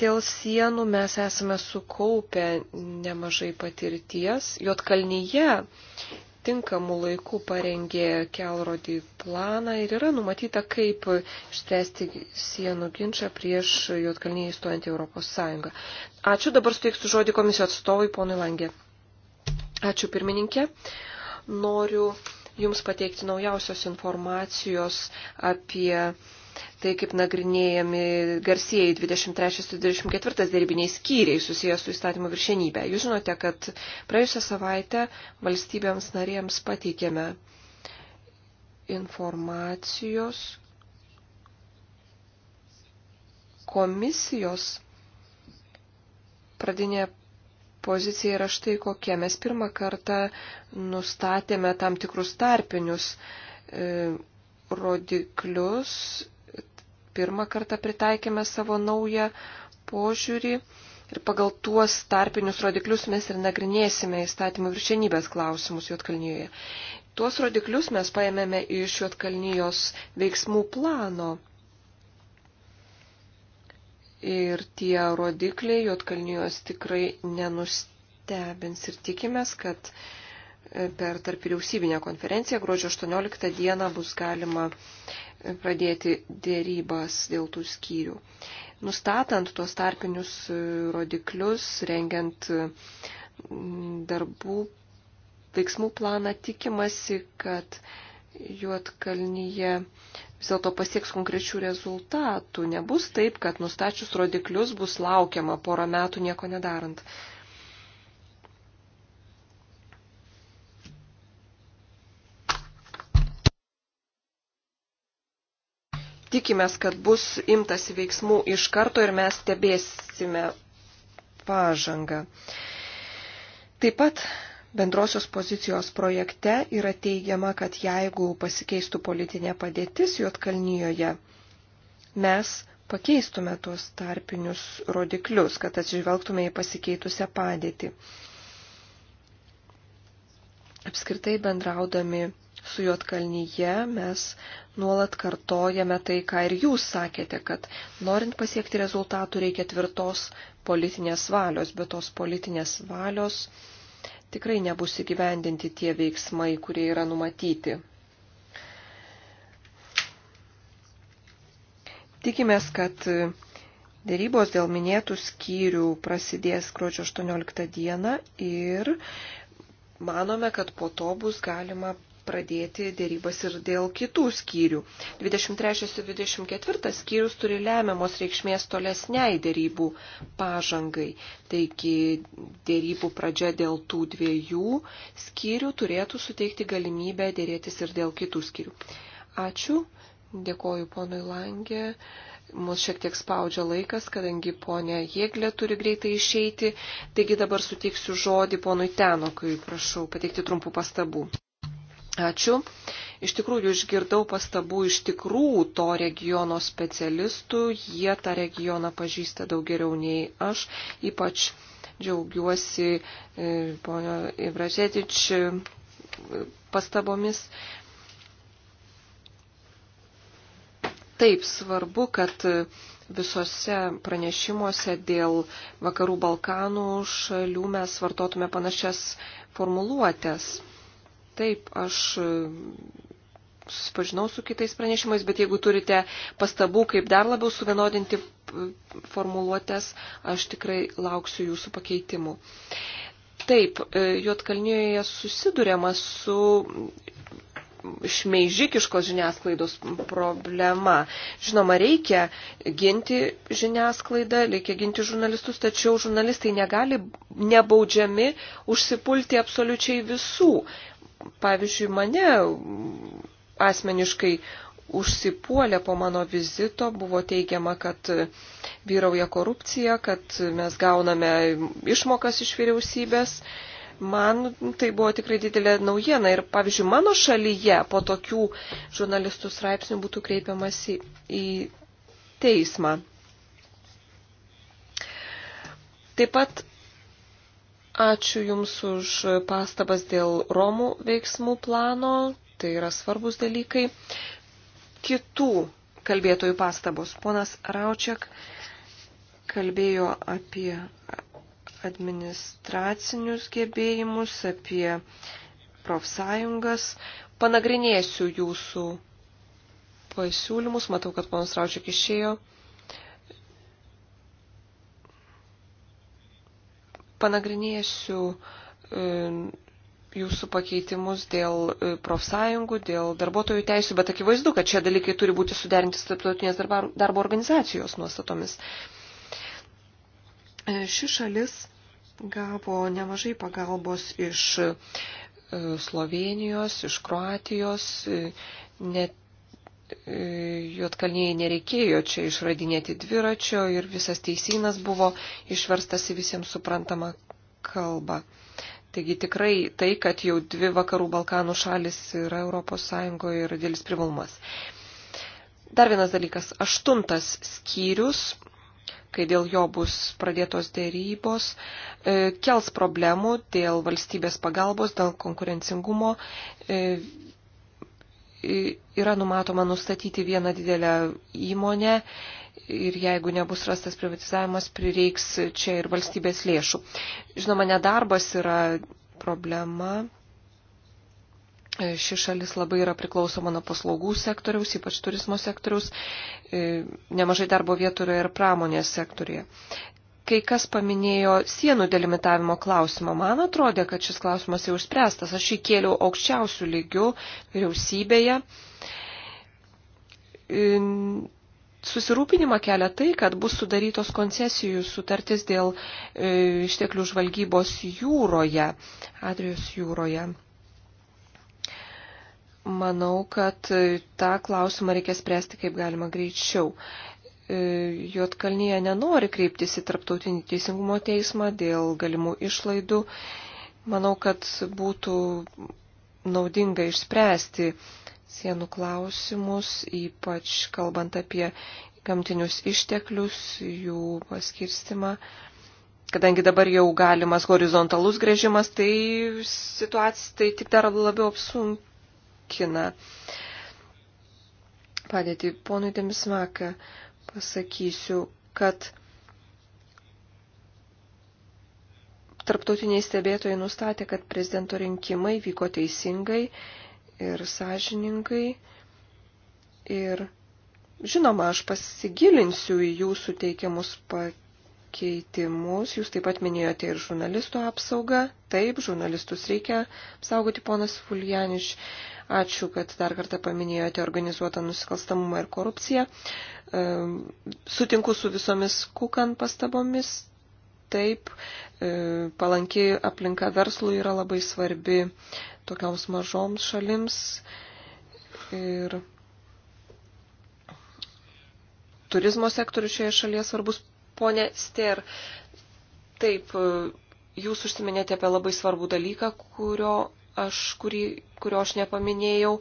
dėl sienų mes esame sukaupę nemažai patirties. Jotkalnyje tinkamų laikų parengė kelrodį planą ir yra numatyta, kaip išspręsti sienų ginčą prieš Jotkalnį įstojant į Europos Sąjungą. Ačiū, dabar suteiksiu žodį komisijos atstovui, ponui Langė. Ačiū, pirmininkė. Noriu Jums pateikti naujausios informacijos apie tai kaip nagrinėjami garsieji 23-24 dėrybiniai skyriai susijęs su įstatymo viršenybė. Jūs žinote, kad praėjusią savaitę valstybėms narėms pateikėme informacijos komisijos pradinė pozicija yra štai kokia. Mes pirmą kartą nustatėme tam tikrus tarpinius e, rodiklius pirmą kartą pritaikėme savo naują požiūrį ir pagal tuos tarpinius rodiklius mes ir nagrinėsime įstatymų viršenybės klausimus Juotkalnyje. Tuos rodiklius mes paėmėme iš Juotkalnyjos veiksmų plano. Ir tie rodikliai Juotkalnyjos tikrai nenustebins ir tikimės, kad uh, per tarp vyriausybinę konferenciją. Gruodžio 18 dieną bus galima pradėti dėrybas dėl tų skyrių. Nustatant tuos tarpinius rodiklius, rengiant mm, darbų veiksmų planą, tikimasi, kad Juotkalnyje vis dėlto pasieks konkrečių rezultatų. Nebus taip, kad nustačius rodiklius bus laukiama porą metų nieko nedarant. tikimės, kad bus imtas veiksmų iš karto ir mes stebėsime pažangą. Taip pat bendrosios pozicijos projekte yra teigiama, kad jeigu pasikeistų politinė padėtis Jotkalnyjoje, mes pakeistume tuos tarpinius rodiklius, kad atsižvelgtume į pasikeitusią padėtį. Apskritai bendraudami su Juotkalnyje mes nuolat kartojame tai, ką ir jūs sakėte, kad norint pasiekti rezultatų reikia tvirtos politinės valios, bet tos politinės valios tikrai nebus įgyvendinti tie veiksmai, kurie yra numatyti. Tikimės, kad dėrybos dėl minėtų skyrių prasidės gruodžio 18 dieną ir manome, kad po to bus galima pradėti dėrybas ir dėl kitų skyrių. 23-24 skyrius turi lemiamos reikšmės tolesniai dėrybų pažangai. Taigi dėrybų pradžia dėl tų dviejų skyrių turėtų suteikti galimybę dėrėtis ir dėl kitų skyrių. Ačiū. Dėkoju ponui Langė. Mus šiek tiek spaudžia laikas, kadangi ponė Jėglė turi greitai išeiti. Taigi dabar suteiksiu žodį ponui Tenokui. Prašau pateikti trumpų pastabų. Ačiū. Iš tikrųjų, išgirdau pastabų iš tikrų to regiono specialistų. Jie tą regioną pažįsta daug geriau nei aš. Ypač džiaugiuosi e, ponio Ivražetič e, pastabomis. Taip svarbu, kad visose pranešimuose dėl Vakarų Balkanų šalių mes vartotume panašias formuluotės Taip, aš e, susipažinau su kitais pranešimais, bet jeigu turite pastabų, kaip dar labiau suvienodinti e, formuluotės, aš tikrai lauksiu jūsų pakeitimų. Taip, e, Juotkalnijoje susidurėma su šmeižikiškos žiniasklaidos problema. Žinoma, reikia ginti žiniasklaidą, reikia ginti žurnalistus, tačiau žurnalistai negali nebaudžiami užsipulti absoliučiai visų pavyzdžiui, mane asmeniškai užsipuolė po mano vizito, buvo teigiama, kad vyrauja korupcija, kad mes gauname išmokas iš vyriausybės. Man tai buvo tikrai didelė naujiena ir, pavyzdžiui, mano šalyje po tokių žurnalistų straipsnių būtų kreipiamasi į teismą. Taip pat Ačiū Jums už pastabas dėl Romų veiksmų plano. Tai yra svarbus dalykai. Kitų kalbėtojų pastabos. Ponas Raučiak kalbėjo apie administracinius gebėjimus, apie profsąjungas. Panagrinėsiu jūsų pasiūlymus. Matau, kad ponas Raučiak išėjo. Panagrinėsiu e, jūsų pakeitimus dėl e, profsąjungų, dėl darbuotojų teisų, bet akivaizdu, kad šie dalykai turi būti suderinti su tarptautinės darbo organizacijos nuostatomis. E, ši šalis gavo nemažai pagalbos iš Slovenijos, iš Kroatijos, net juotkalniai nereikėjo čia išradinėti dviračio ir visas teisynas buvo išverstas į visiems suprantamą kalbą. Taigi tikrai tai, kad jau dvi vakarų Balkanų šalis yra ES yra dėlis privalumas. Dar vienas dalykas. Aštuntas skyrius, kai dėl jo bus pradėtos dėrybos, e, kels problemų dėl valstybės pagalbos, dėl konkurencingumo e, yra numatoma nustatyti vieną didelę įmonę ir jeigu nebus rastas privatizavimas, prireiks čia ir valstybės lėšų. Žinoma, nedarbas yra problema. Ši šalis labai yra priklausoma nuo paslaugų sektoriaus, ypač turizmo sektoriaus. E, nemažai darbo vietų yra ir pramonės sektorija kai kas paminėjo sienų delimitavimo klausimą. Man atrodė, kad šis klausimas jau išspręstas. Aš jį kėliau aukščiausių lygių vyriausybėje. Susirūpinimą kelia tai, kad bus sudarytos koncesijų sutartis dėl e, išteklių žvalgybos jūroje, Adrijos jūroje. Manau, kad e, tą klausimą reikia spręsti kaip galima greičiau. E, Juotkalnyje nenori kreiptis į Tarptautinį teisingumo teismą dėl galimų išlaidų. Manau, kad būtų naudinga išspręsti sienų klausimus, ypač kalbant apie gamtinius išteklius, jų paskirstimą. Kadangi dabar jau galimas horizontalus grėžimas, tai situacija tai tik dar labiau apsunkina. Padėti ponui Demismaką pasakysiu, kad tarptautiniai stebėtojai nustatė, kad prezidento rinkimai vyko teisingai ir sąžiningai. Ir žinoma, aš pasigilinsiu į jūsų teikiamus pakeitimus. Jūs taip pat minėjote ir žurnalistų apsaugą. Taip, žurnalistus reikia apsaugoti, ponas Fuljaniš. Ačiū, kad dar kartą paminėjote organizuotą nusikalstamumą ir korupciją. Ehm, sutinku su visomis kukan pastabomis. Taip, ehm, palanki aplinka verslui yra labai svarbi tokioms mažoms šalims. Ir turizmo sektorius šioje šalyje svarbus. Pone Ster, taip, ehm, jūs užsiminėte apie labai svarbų dalyką, kurio aš, kurį, kurio aš nepaminėjau,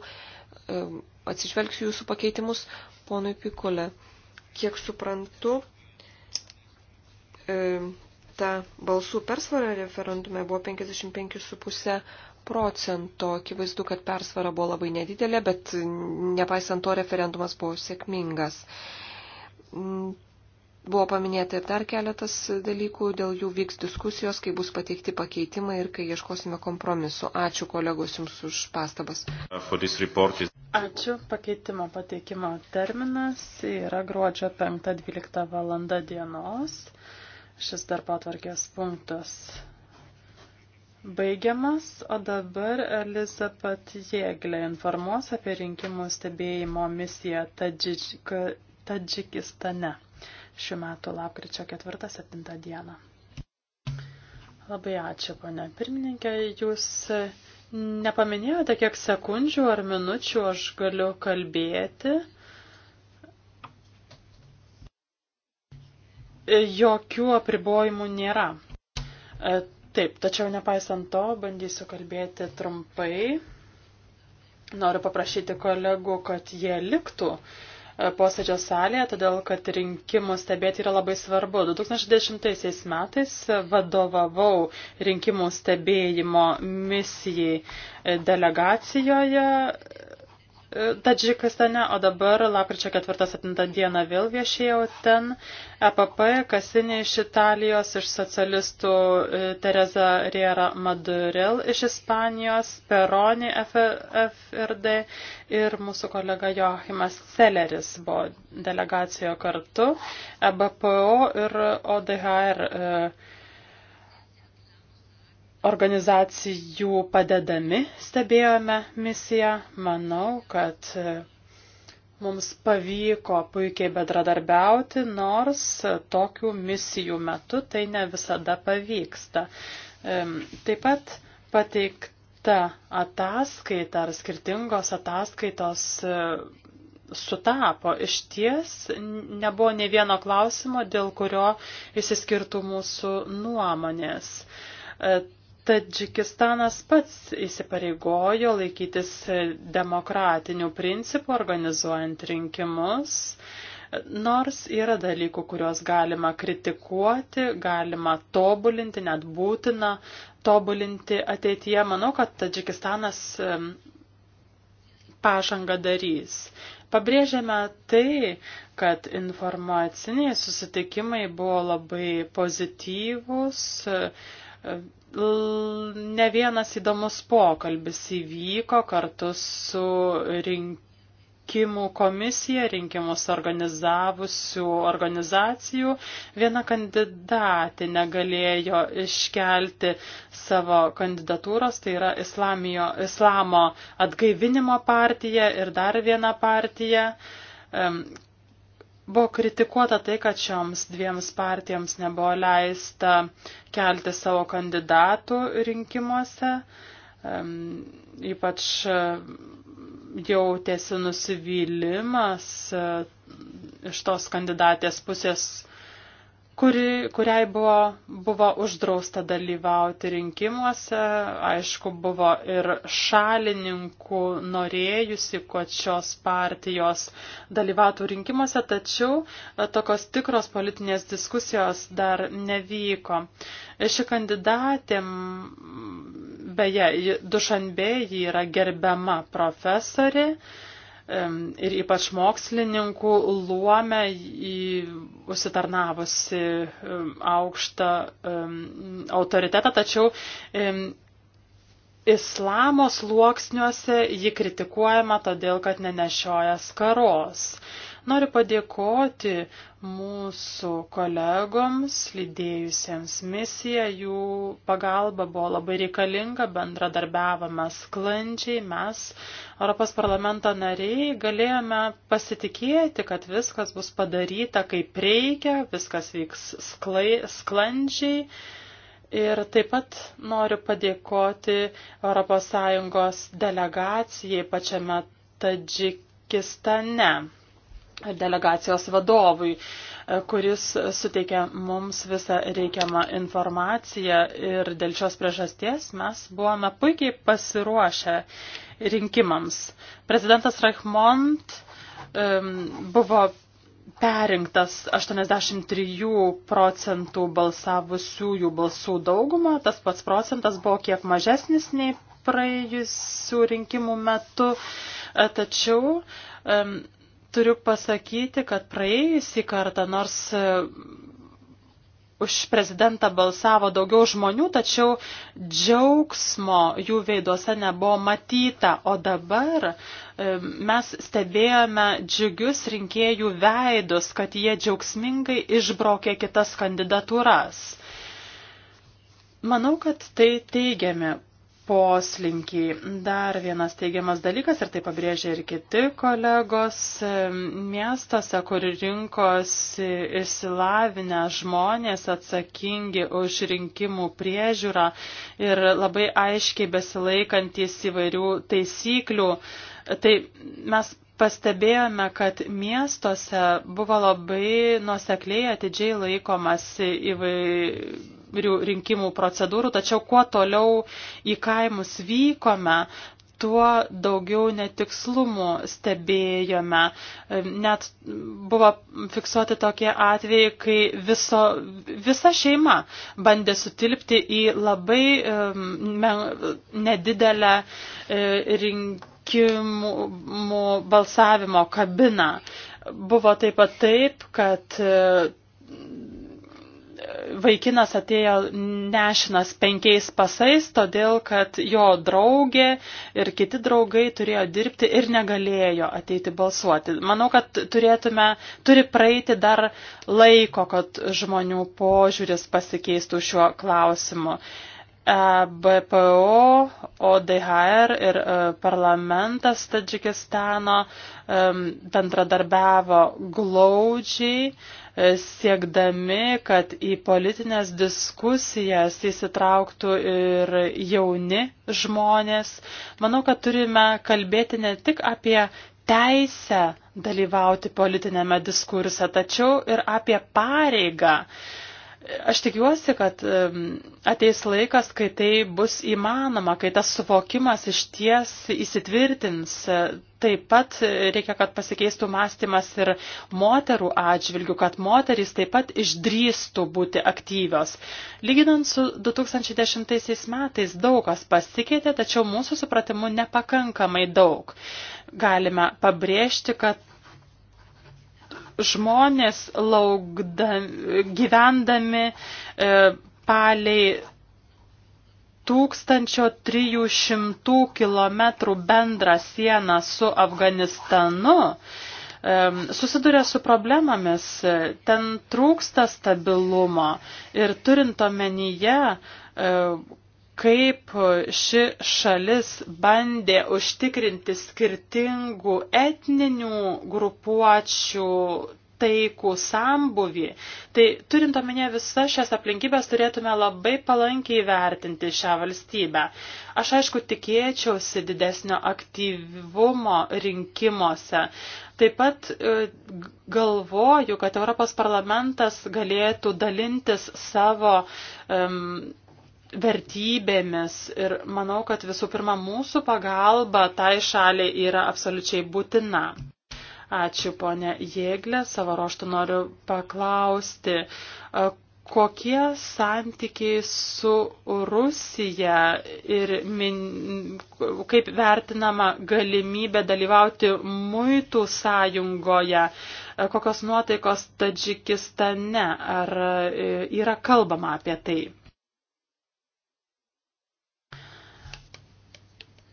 atsižvelgsiu jūsų pakeitimus ponui Pikulė. Kiek suprantu, ta balsų persvara referendume buvo 55,5 procento. Akivaizdu, kad persvara buvo labai nedidelė, bet nepaisant to referendumas buvo sėkmingas. Buvo paminėta ir dar keletas dalykų, dėl jų vyks diskusijos, kai bus pateikti pakeitimai ir kai ieškosime kompromisu. Ačiū kolegos Jums už pastabas. Ačiū. Pakeitimo pateikimo terminas yra gruodžio 5-12 valanda dienos. Šis darbo atvarkės punktas baigiamas, o dabar Elizabeth Jėglė informuos apie rinkimų stebėjimo misiją Tadžikistane šiuo metu lapkričio 4-7 dieną. Labai ačiū, ponia pirmininkė. Jūs nepaminėjote, kiek sekundžių ar minučių aš galiu kalbėti. Jokių apribojimų nėra. E, taip, tačiau nepaisant to, bandysiu kalbėti trumpai. Noriu paprašyti kolegų, kad jie liktų posėdžio salėje, todėl kad rinkimų stebėti yra labai svarbu. 2010 metais vadovavau rinkimų stebėjimo misijai delegacijoje Tadžikistane, o dabar lapkričio 4-7 dieną vėl viešėjau ten. EPP, Kasinė iš Italijos, iš socialistų e, Tereza Riera Madurel iš Ispanijos, Peroni FRD ir mūsų kolega Joachimas Celeris buvo delegacijoje kartu, EBPO ir ODHR. E, organizacijų padedami stebėjome misiją. Manau, kad e, mums pavyko puikiai bedradarbiauti, nors e, tokių misijų metu tai ne visada pavyksta. Taip pat pateikta ataskaita ar skirtingos ataskaitos e, sutapo. Iš ties nebuvo ne vieno klausimo, dėl kurio išsiskirtų mūsų nuomonės Tadžikistanas pats įsipareigojo laikytis demokratinių principų organizuojant rinkimus, nors yra dalykų, kuriuos galima kritikuoti, galima tobulinti, net būtina tobulinti ateityje. Manau, kad Tadžikistanas pažangą darys. Pabrėžiame tai, kad informaciniai susitikimai buvo labai pozityvus, Ne vienas įdomus pokalbis įvyko kartu su rinkimų komisija, rinkimus organizavusių organizacijų. Viena kandidatė negalėjo iškelti savo kandidatūros, tai yra Islamijo, Islamo atgaivinimo partija ir dar viena partija Buvo kritikuota tai, kad šioms dviems partijoms nebuvo leista kelti savo kandidatų rinkimuose. Um, ypač e, jautėsi nusivylimas uh, iš tos kandidatės pusės, kuri, kuriai buvo, buvo uždrausta dalyvauti rinkimuose. Aišku, buvo ir šalininkų norėjusi, kad šios partijos dalyvautų rinkimuose, tačiau e, tokios tikros politinės diskusijos dar nevyko. E, ši kandidatė, beje, Dušanbė, ji yra gerbiama profesorė ir ypač mokslininkų luome į užsitarnavusi aukštą autoritetą, tačiau islamo sluoksniuose ji kritikuojama todėl, kad nenešioja skaros. Noriu padėkoti mūsų kolegoms, lydėjusiems misiją, jų pagalba buvo labai reikalinga, bendradarbiavome sklandžiai, mes, Europos parlamento nariai, galėjome pasitikėti, kad viskas bus padaryta kaip reikia, viskas vyks sklai, sklandžiai. Ir taip pat noriu padėkoti ES delegacijai pačiame Tadžikistane delegacijos vadovui, e, kuris suteikė mums visą reikiamą informaciją ir dėl šios priežasties mes buvome puikiai pasiruošę rinkimams. Prezidentas Reichmont um, buvo perinktas 83 procentų balsavusiųjų balsų daugumą, tas pats procentas buvo kiek mažesnis nei praėjusių rinkimų metu, e, tačiau um, turiu pasakyti, kad praėjusį kartą, nors e, už prezidentą balsavo daugiau žmonių, tačiau džiaugsmo jų veiduose nebuvo matyta. O dabar e, mes stebėjome džiugius rinkėjų veidus, kad jie džiaugsmingai išbraukė kitas kandidatūras. Manau, kad tai teigiami poslinkį. Dar vienas teigiamas dalykas, ir tai pabrėžia ir kiti kolegos, miestuose, kur rinkos išsilavinę žmonės atsakingi už rinkimų priežiūrą ir labai aiškiai besilaikantis įvairių taisyklių. Tai mes pastebėjome, kad miestuose buvo labai nusekliai atidžiai laikomas įvairių rinkimų procedūrų, tačiau kuo toliau į kaimus vykome, tuo daugiau netikslumų stebėjome. Net buvo fiksuoti tokie atvejai, kai viso, visa šeima bandė sutilpti į labai um, nedidelę uh, rinkimų balsavimo kabiną. Buvo taip pat taip, kad uh, vaikinas atėjo nešinas penkiais pasais, todėl kad jo draugė ir kiti draugai turėjo dirbti ir negalėjo ateiti balsuoti. Manau, kad turėtume, turi praeiti dar laiko, kad žmonių požiūris pasikeistų šiuo klausimu. Uh, E BPO, ODHR ir e, parlamentas Tadžikistano e, bendradarbiavo glaudžiai, siekdami, kad į politinės diskusijas įsitrauktų ir jauni žmonės. Manau, kad turime kalbėti ne tik apie teisę dalyvauti politinėme diskurse, tačiau ir apie pareigą. Uh, Aš tikiuosi, kad ateis laikas, kai tai bus įmanoma, kai tas suvokimas iš ties įsitvirtins. Taip pat reikia, kad pasikeistų mąstymas ir moterų atžvilgių, kad moterys taip pat išdrįstų būti aktyvios. Lyginant su 2010 metais daug kas pasikeitė, tačiau mūsų supratimu nepakankamai daug. Galime pabrėžti, kad žmonės laukdami, gyvendami e, paliai 1300 km bendrą sieną su Afganistanu e, susiduria su problemomis, ten trūksta stabilumo ir turint omenyje, e, kaip ši šalis bandė užtikrinti skirtingų etninių grupuočių taikų sambuvį. Tai turint omenyje visas šias aplinkybės turėtume labai palankiai vertinti šią valstybę. Aš aišku tikėčiausi didesnio aktyvumo rinkimuose. Taip pat e, galvoju, kad Europos parlamentas galėtų dalintis savo um, vertybėmis ir manau, kad visų pirma mūsų pagalba tai šaliai yra absoliučiai būtina. Ačiū, ponė Jėglė. Savo ruoštų noriu paklausti, kokie santykiai su Rusija ir min, kaip vertinama galimybė dalyvauti muitų sąjungoje, kokios nuotaikos Tadžikistane, ar e, yra kalbama apie tai?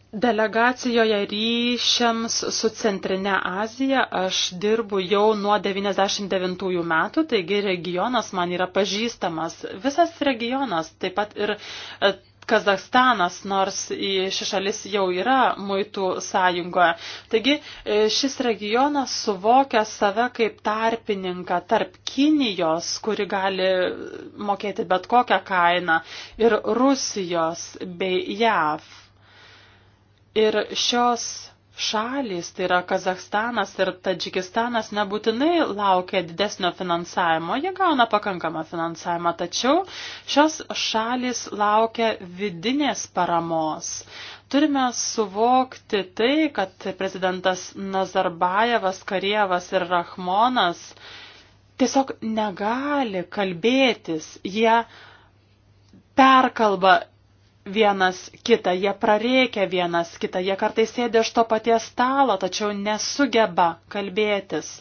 Delegacijoje ryšiams su Centrinė Azija aš dirbu jau nuo 99 metų, taigi regionas man yra pažįstamas. Visas regionas, taip pat ir e, Kazakstanas, nors ši šalis jau yra muitų sąjungoje. Taigi e, šis regionas suvokia save kaip tarpininką tarp Kinijos, kuri gali mokėti bet kokią kainą, ir Rusijos bei JAV. Ir šios šalys, tai yra Kazakstanas ir Tadžikistanas, nebūtinai laukia didesnio finansavimo, jie gauna pakankamą finansavimą, tačiau šios šalys laukia vidinės paramos. Turime suvokti tai, kad prezidentas Nazarbajevas, Karievas ir Rahmonas tiesiog negali kalbėtis, jie perkalba vienas kitą, jie prareikia vienas kitą, jie kartais sėdi iš to paties stalo, tačiau nesugeba kalbėtis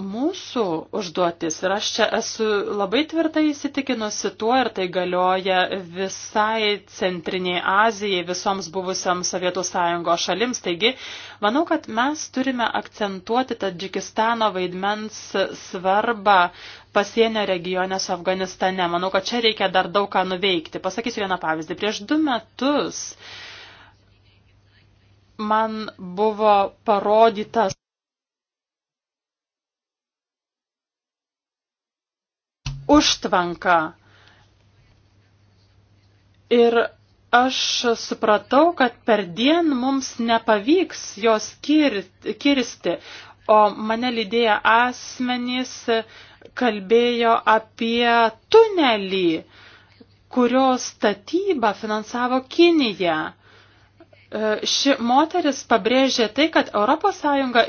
mūsų užduotis ir aš čia esu labai tvirtai įsitikinusi tuo ir tai galioja visai Centriniai Azijai, visoms buvusiams Sovietų sąjungos šalims. Taigi, manau, kad mes turime akcentuoti Tadžikistano vaidmens svarbą pasienio regione su Afganistane. Manau, kad čia reikia dar daug ką nuveikti. Pasakysiu vieną pavyzdį. Prieš du metus man buvo parodytas užtvanką. Ir aš supratau, kad per dien mums nepavyks jos kirsti, o mane lydėję asmenys kalbėjo apie tunelį, kurio statybą finansavo Kinija. E, ši moteris pabrėžė tai, kad ES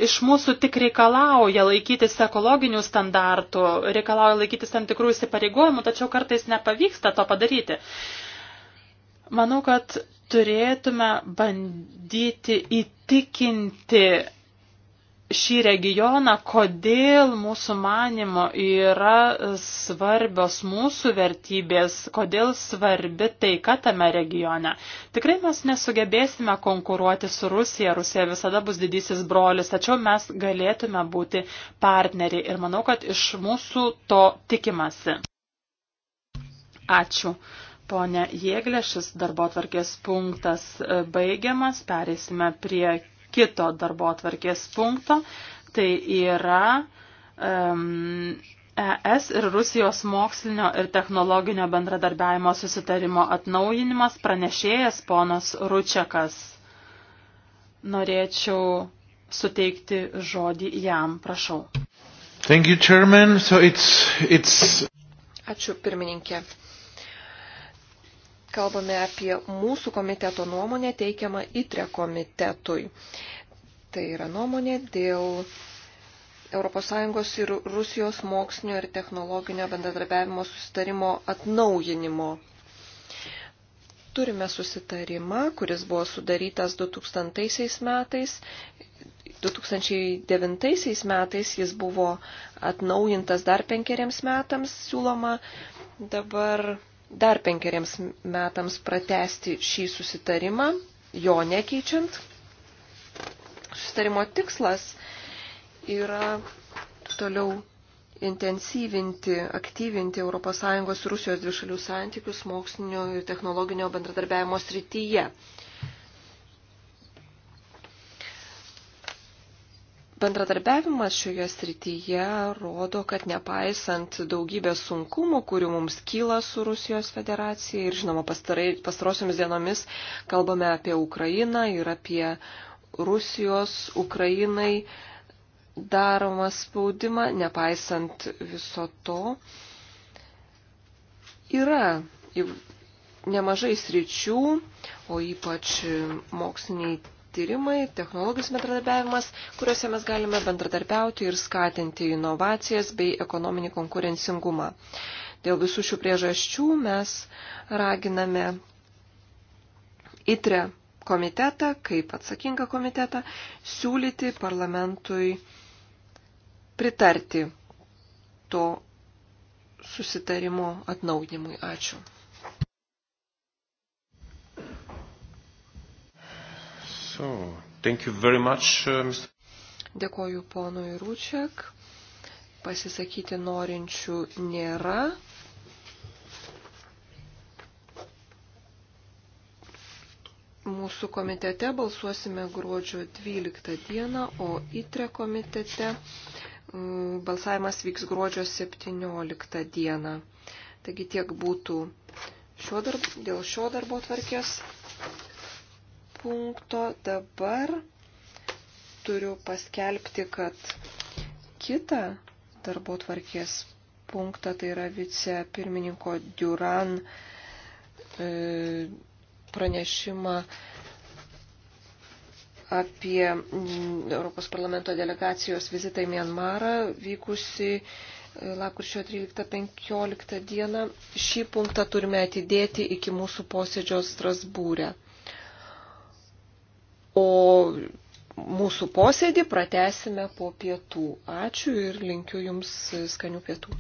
iš mūsų tik reikalauja laikytis ekologinių standartų, reikalauja laikytis tam tikrų įsipareigojimų, tačiau kartais nepavyksta to padaryti. Manau, kad turėtume bandyti įtikinti šį regioną, kodėl mūsų manimo yra svarbios mūsų vertybės, kodėl svarbi taika tame regione. Tikrai mes nesugebėsime konkuruoti su Rusija, Rusija visada bus didysis brolis, tačiau mes galėtume būti partneriai ir manau, kad iš mūsų to tikimasi. Ačiū. Pone Jėglė, šis darbo tvarkės punktas baigiamas, perėsime prie kito darbo atvarkės punkto. Tai yra um, ES ir Rusijos mokslinio ir technologinio bendradarbiavimo susitarimo atnaujinimas pranešėjas ponas Ručiakas. Norėčiau suteikti žodį jam, prašau. Thank you, Chairman. So it's, it's... Ačiū, pirmininkė kalbame apie mūsų komiteto nuomonę teikiamą ITRE komitetui. Tai yra nuomonė dėl ES ir Rusijos mokslinio ir technologinio bendradarbiavimo susitarimo atnaujinimo. Turime susitarimą, kuris buvo sudarytas 2000 metais 2009 metais jis buvo atnaujintas dar penkeriems metams siūloma dabar dar penkeriems metams pratesti šį susitarimą, jo nekeičiant. Susitarimo tikslas yra toliau intensyvinti, aktyvinti ES ir Rusijos dvišalių santykius mokslinio ir technologinio bendradarbiavimo srityje. Bendradarbiavimas šioje srityje rodo, kad nepaisant daugybės sunkumų, kurių mums kyla su Rusijos federacija ir žinoma pastarosiomis dienomis kalbame apie Ukrainą ir apie Rusijos Ukrainai daromą spaudimą, nepaisant viso to, yra nemažai sričių, o ypač moksliniai tyrimai, technologijos bendradarbiavimas, kuriuose mes galime bendradarbiauti ir skatinti inovacijas bei ekonominį konkurencingumą. Dėl visų šių priežasčių mes raginame ITRE komitetą, kaip atsakingą komitetą, siūlyti parlamentui pritarti to susitarimo atnaudimui. Ačiū. So, thank you very much, uh, Mr. Dėkoju ponui Rūčiak. Pasisakyti norinčių nėra. Mūsų komitete balsuosime gruodžio 12 dieną, o ITRE komitete mm, balsavimas vyks gruodžio 17 dieną. Taigi tiek būtų šio darbo, dėl šio darbo tvarkės punkto dabar turiu paskelbti, kad kitą darbo tvarkės punktą, tai yra vicepirmininko Duran e, pranešimą apie mm, Europos parlamento delegacijos vizitą į Mianmarą vykusi e, lapkričio 13-15 dieną. Šį punktą turime atidėti iki mūsų posėdžio Strasbūrė. O mūsų posėdį pratesime po pietų. Ačiū ir linkiu Jums skanių pietų.